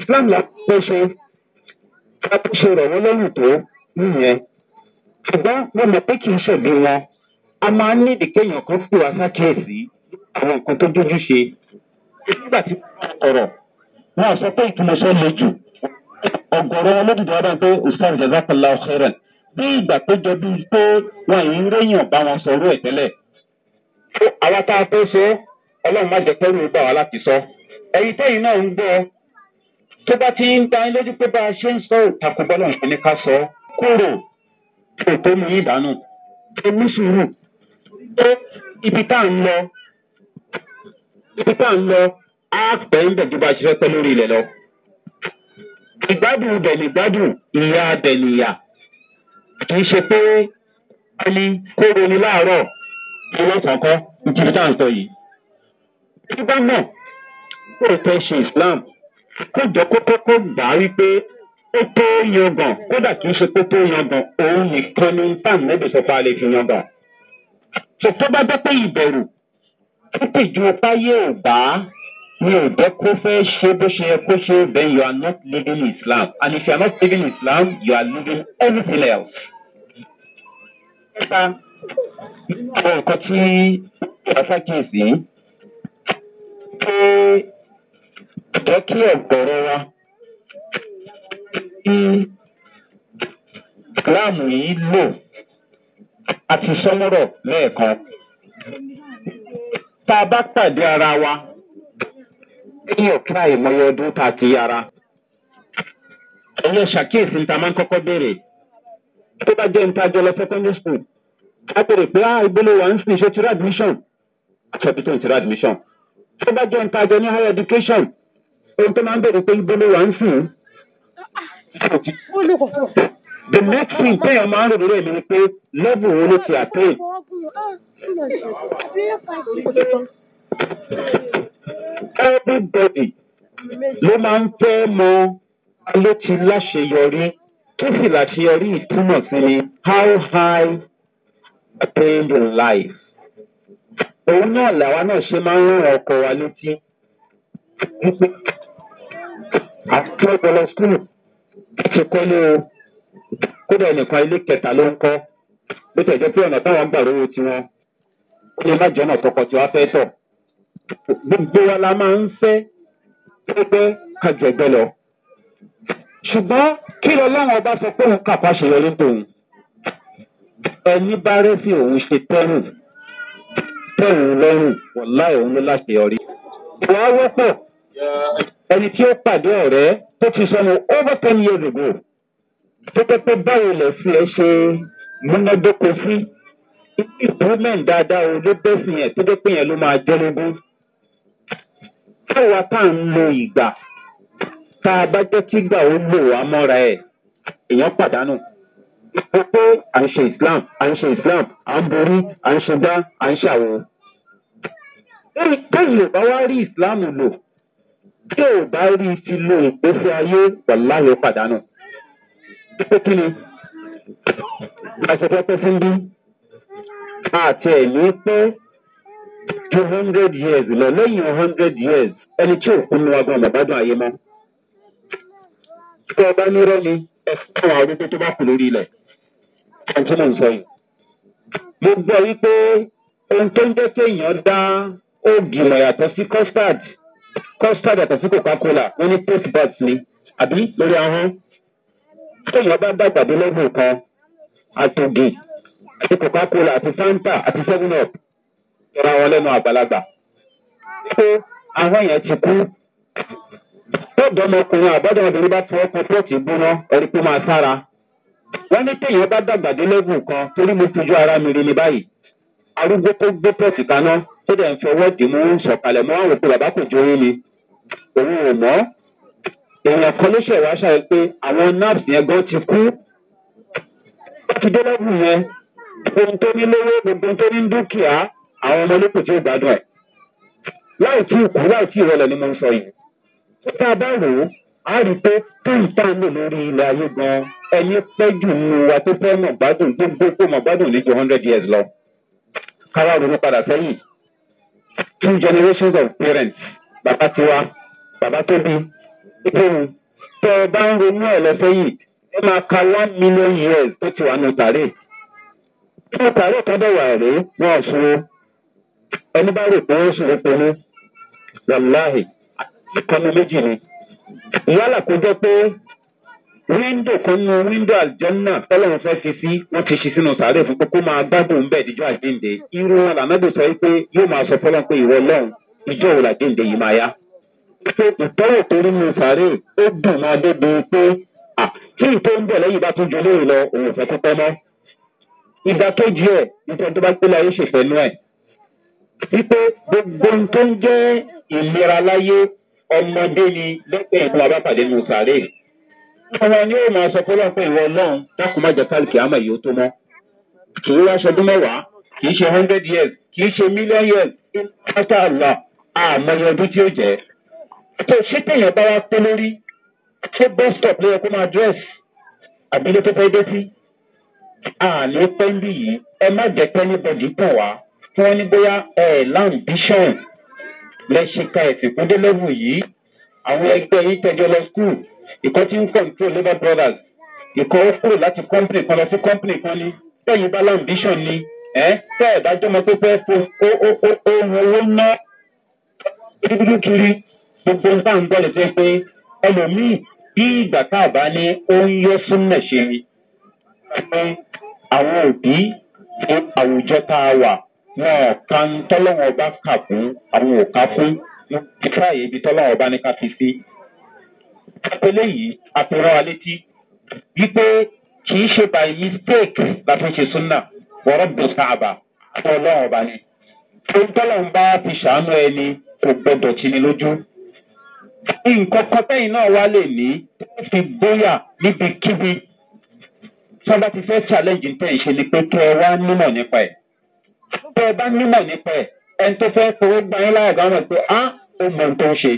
[SPEAKER 1] islam la pé ṣe ṣàtúnṣe rẹ̀ tó nìyẹn ṣùgbọ́n mo mọ̀ pé kì í ṣẹ̀bi wọn a máa ń nídìí kéèyàn kan pè wá sákèésí àwọn nǹkan tó dójú ṣe nígbà tí ọ̀rọ̀ wọn sọ pé ìtumọ̀ṣẹ́ le jù ọ̀gọ̀rọ̀ wọn ló dìde wá báyìí pé ustaz jazakallah khairan bí ìgbà tó jọ bíi pé wọn ì ń réyàn bá wọn sọrú ẹ̀ tó àwa tá a fẹ́ sọ ọlọ́run má jẹ́ pẹ́rù bá wa láti sọ ẹ̀yin tẹ́yìn náà ń gbọ́ tó bá ti ń dá yín lójú pé bá a ṣe ń sọ òtàkùnbọ́ náà ṣe ní ká sọ kúrò kò tó mú yín dànù tó mú sùúrù tó ibi tá à ń lọ ibi tá à ń lọ á pẹ́ ń bẹ̀ ju bá a ṣe fẹ́ pẹ́ lórí ilẹ̀ lọ ìgbádùn bẹ̀lì gbádùn ìyá bẹ̀lì ìyà kì í ṣe pé ẹni kó ronú láàárọ̀ ẹlẹ́kọ̀ọ́kọ́ níbi tá à ń sọ yìí. tí bá mọ̀ kó fẹ́ ṣe islam kó jọ kókó kó gbà á wípé ó tó yangàn kódà kì í ṣe pé tó yangàn òun nìkan ni tá à ń sọ fún alẹ́ yangàn. ṣètò bá dé ìbẹ̀rù títí ju ipá ò bá mi ò kó fẹ́ ṣe bó ṣe yẹ kó ṣe then you are not living islam and if you are not living islam you are living anything else. nínú nǹkan tí a ṣàkíyèsí pé jẹ́ kí ọ̀gọ̀rọ̀ wa kí láàmù yìí lò àti sọ́mọ́rọ̀ lẹ́ẹ̀kan. Tá a bá pàdé ara wa, ní kí àìmọye ọdún tá a ti yára. Ẹ̀yẹ ṣàkíyèsí ní máa ń kọ́kọ́ béèrè. Tó bá jẹ́ jọ lọ a bèrè pé ah ìgbélé wa ń sìn ṣe ti rà admission àtọ́bí tó ń ti rà admission tó bá jẹ́ nǹkan àjọ ní higher education ohun tó máa ń bèrè pé ìgbélé wa ń sìn the next thing téèyàn máa ń rò lórí èmi ni pé level wo ló ti àtẹ́yìn. everybody ló máa ń fẹ́ mọ ló ti láṣeyọrí kí sì láṣeyọrí ìtumọ̀ sí ni how high attained in life. Òun náà làwa náà ṣe máa ń rán ọkọ̀ wa létí. Àti ọpọlọ skúlù ti kọ́lé o. Kódà ẹnìkan ilé kẹta ló ń kọ́. Bó tẹ̀ jẹ́ pé ọ̀nà táwọn ń gbà rówó tiwọn. Ó lè má jẹ́ ọ̀nà tọkọ tí wàá fẹ́ tọ̀. Gbogbo wa la máa ń fẹ́ pẹ́pẹ́ kájọ ẹgbẹ́ lọ. Ṣùgbọ́n kí lọ́lọ́run ọba sọ pé òun kàpá ṣèyọrí tòun ẹni bá rẹ́sì òun ṣe tẹ́rù tẹ́rù lọ́rùn wọ̀lá òun ló láṣeyọrí. ìwà wọ́pọ̀ ẹni tí ó pàdé ọ̀rẹ́ tó ti sọnù over ten years ago tó pẹ́ pé báwo lẹ̀ sí ẹ ṣe múnádóko sí improvement dáadáa o ló bẹ́sìn yẹn tó dé pé yẹn ló máa jẹ́lógún. táwa tá à ń lo ìgbà tá a bá jẹ́ kí gbà ó lò wá mọ́ra ẹ̀ èèyàn pàdánù ipò pé à ń ṣe islam à ń ṣe islam à ń borí à ń ṣe dá à ń ṣàwọ. bẹ́ẹ̀ ò bá wá rí islam lò bí ò bá rí ti lo ìgbésí ayé wàláyé pàdánù. pípé kí ni àṣepẹ́ pẹ́ fún bí àti ẹ̀mí pé two hundred years lọ lẹ́yìn hundred years ẹni tí òkú nu agbọn bàbá dùn ayé mọ́. tí ọba ní rọ́ni ẹ fún àwọn arúgbó tó bá kù lórí ilẹ̀. kọ̀ǹtínú sọ yìí. mo wípé ohun tó ń jẹ́ kéèyàn dá ògìmọ̀ yàtọ̀ sí custard custard yàtọ̀ sí coca cola wọ́n post ni àbí lórí ahọ́n. kéèyàn bá dàgbà dé lẹ́gùn kan àtògì àti coca cola àti fanta àti seven up tọ́ra wọn lẹ́nu àgbàlagbà. pé ahọ́n yẹn ti kú bọ́ọ̀dù ọmọkùnrin àbọ̀dọ̀ bá ti wọ́n kan pé máa wọ́n ní téèyàn bá dàgbà dé lẹ́gùn kan torí mo fojú ara mi rí ni báyìí arúgbó tó gbé pẹ̀sì kaná tó dẹ̀ ń fi ọwọ́ dì mú sọ̀kalẹ̀ mọ́ àwọn òkú bàbá kò jó yín ni òun ò mọ́ èèyàn kan ló ṣẹ̀wá ṣàyẹ pé àwọn nurse yẹn gan ti kú ti dé lẹ́gùn yẹn ohun tó ní lówó gbogbo tó ní dúkìá àwọn ọmọ olókùn tí ó gbádùn ẹ̀ láì tí ì kú láì tí ì rọlẹ̀ ni mo ń sọ yìí tó tá a bá rò ó a rí i pé táyì tá a lò lórí ilẹ̀ ayé gan ẹni pẹ́ jù nínú wa tó fẹ́ mọ̀ gbádùn gbogbo kó mọ̀ gbádùn ní ju hundred years lọ. káwá ronú padà sẹ́yìn two generations of parents bàbá tiwa bàbá tó bí ìgbóhùn tẹ ẹ bá ń ronú ẹ lọ sẹ́yìn ẹ máa ka one million years tó ti wà nù tàrí. nù tàrí kan dẹ̀ wà rèé wọn ò sun o ẹni bá rò pé ó sùn ó ponú wàláhì àti ìkànnì méjì ni yálà kó jẹ́ pé wíńdò kan nu wíńdò àlùjọ́nà tọ́lọ́run fẹ́ fi sí wọ́n ti ṣe sínú sàárè fún pé kó máa gbádùn ń bẹ̀ díjọ́ àjíǹde irú wọn làmẹ́dùn sọ pé yóò máa sọ fọlọ́n pé ìwọ lọ́hùn ìjọ òun làjíǹde yìí máa yá. pé ìtọ́wò tó rí nu sàárè ó dùn máa débi pé tí ìtò ń bọ̀ lẹ́yìn bá tún ju léèrè lọ òun fẹ́ kó pẹ́ mọ́. ìgbà kejì ẹ̀ nítorí tó bá pé láyé ọmọdé ni lọ́pọ̀ ìlú abápàdé nù sàárè. Àwọn ni ó máa sọ pé lọ́pọ̀ ìwọ náà dákun má jẹ káàkiri àmọ̀ yìí ó tó mọ́. Kì í wá ṣọdún mẹ́wàá, kì í ṣe hundred years, kì í ṣe million years, pátá àlà àmọye ọdún tí ó jẹ́. Tó ṣé téèyàn bá wá pé lórí, ṣé bus stop ló yẹ kó máa dress? Àbílẹ̀ tó fẹ́ dé sí. Àní pẹ́ńbì yìí, ẹ má jẹ́ pẹ́ńbì bọ̀dì tàn wá. Tí wọ́n ní bóyá ẹ̀ láǹbíṣọ̀n lẹ́ṣẹ̀ka ẹ̀sìnkú dé lẹ́wù yìí àwọn ẹgbẹ́ yìí tẹjọ lọ skul ìkọ́ tí ń control labour brothers ìkọ́ ó kúrò láti company kan lọ sí company kan ni tẹ̀yìn bá lambition ni tẹ́ ẹ̀ dájọ́ mọ pé fẹ́ẹ́ fo ohun owó ná dúdúdú kiri gbogbo ń bá ń gbọ́ lè fẹ́ pé ẹlòmíì bí ìgbà káàbá ní ó ń yọ súnmọ̀ ṣe ni àwọn òbí fún àwùjọ tá a wà wọn ò kan tọ́lọ́wọ́n bá kà fún àwọn ò ká fún ìfá yìí ibi tọ́lọ́wọ́n bá ní ká fi sí. apẹlẹ yìí apẹ̀rọ̀ wa létí wípé kì í ṣe by mistake la fi ṣe súnà wọ́rọ̀ bí káàbà tọ́lọ́wọ́n bá ní. tọ́lọ́wọ́n bá fi ṣàánú ẹni kò gbọdọ̀ tí ni lójú. nǹkan kan tẹ́yìn náà wá lè ní tó fi bóyá níbikíbi. sábà ti fẹ́ challenge tẹ̀ ń ṣe ni pé kí ẹ wá nímọ̀ nípa ẹ̀ bẹ́ẹ̀ bá nímọ̀ nípa ẹ̀ ẹni tó fẹ́ fowó gba yín láàgá ọ̀nà pé á ó mọ̀ tó ń ṣe.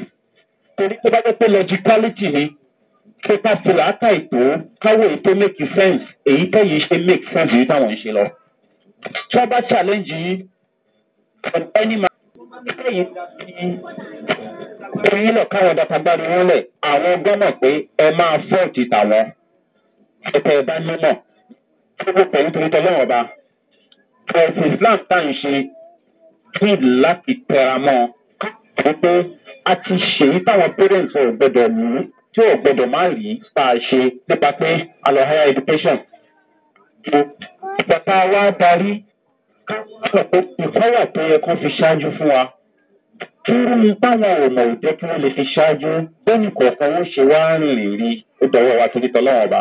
[SPEAKER 1] torí tó bá jẹ́ pé logicality ni ṣé ká fi làákà ètò káwọ ètò make sense èyí tẹ́yìn ṣe make sense yìí táwọn ń ṣe lọ. tí wọ́n bá challenge yìí from any man tẹ́yìn oyin lọ káwọn dàtàgbárí wọn lẹ̀ àwọn gbọ́mọ̀ pé ẹ máa fọ́ọ̀tì tàwọn ẹ̀tẹ̀ ẹ̀ bá mímọ̀ tó gbogbo pẹ̀lú torí tọ́lọ́wọ̀n ọba ẹ̀sìn islam tá à ṣe need láti tẹra mọ́ wípé a ti ṣèyí táwọn parents ò gbọdọ̀ mú tí ò gbọdọ̀ má rí tá a ṣe nípa pé a lọ higher education. Bàbá wa darí ìfọwọ́ tó yẹ kán fi ṣáájú fún wa. Kírun táwọn ọ̀nà òjẹ́ kí wọ́n lè fi ṣáájú bẹ́ẹ̀ni kọ̀ọ̀kan wọ́n ṣe wá rìnrìn rí ó dọ̀wọ́ wa torí tọ́lọ́wọ́n ọba.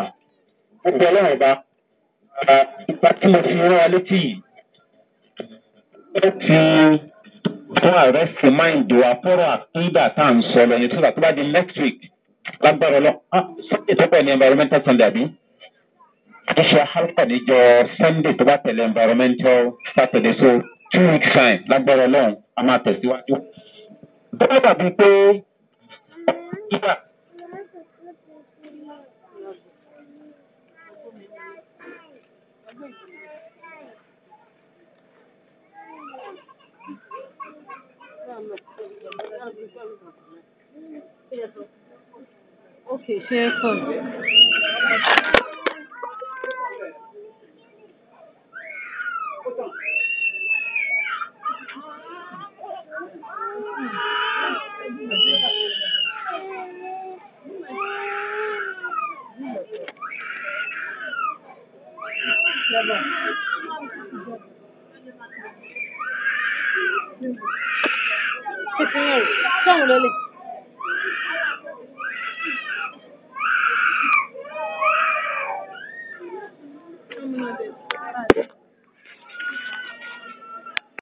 [SPEAKER 1] Ó bẹ ọlọ́wọ́n ọba. Ìgbà tí mo fi rán wa létí yìí ó ti fún ààrẹ fún máìndì wa fọ́rọ̀ àkíńdà tá à ń sọ lọ ní sọ́dà tó bá di electric lágbára lọ ah, sunday tó pẹ̀ ní environmental sunday àbí àtúnṣe halkọ̀ níjọ sunday tó bá tẹ̀lé environmental saturday so
[SPEAKER 2] two weeks time
[SPEAKER 1] lágbára lọ́hùn a máa tẹ̀síwájú. tó bá dàbí pé ó
[SPEAKER 2] ń gbà OK，先放。啊！我操！啊！我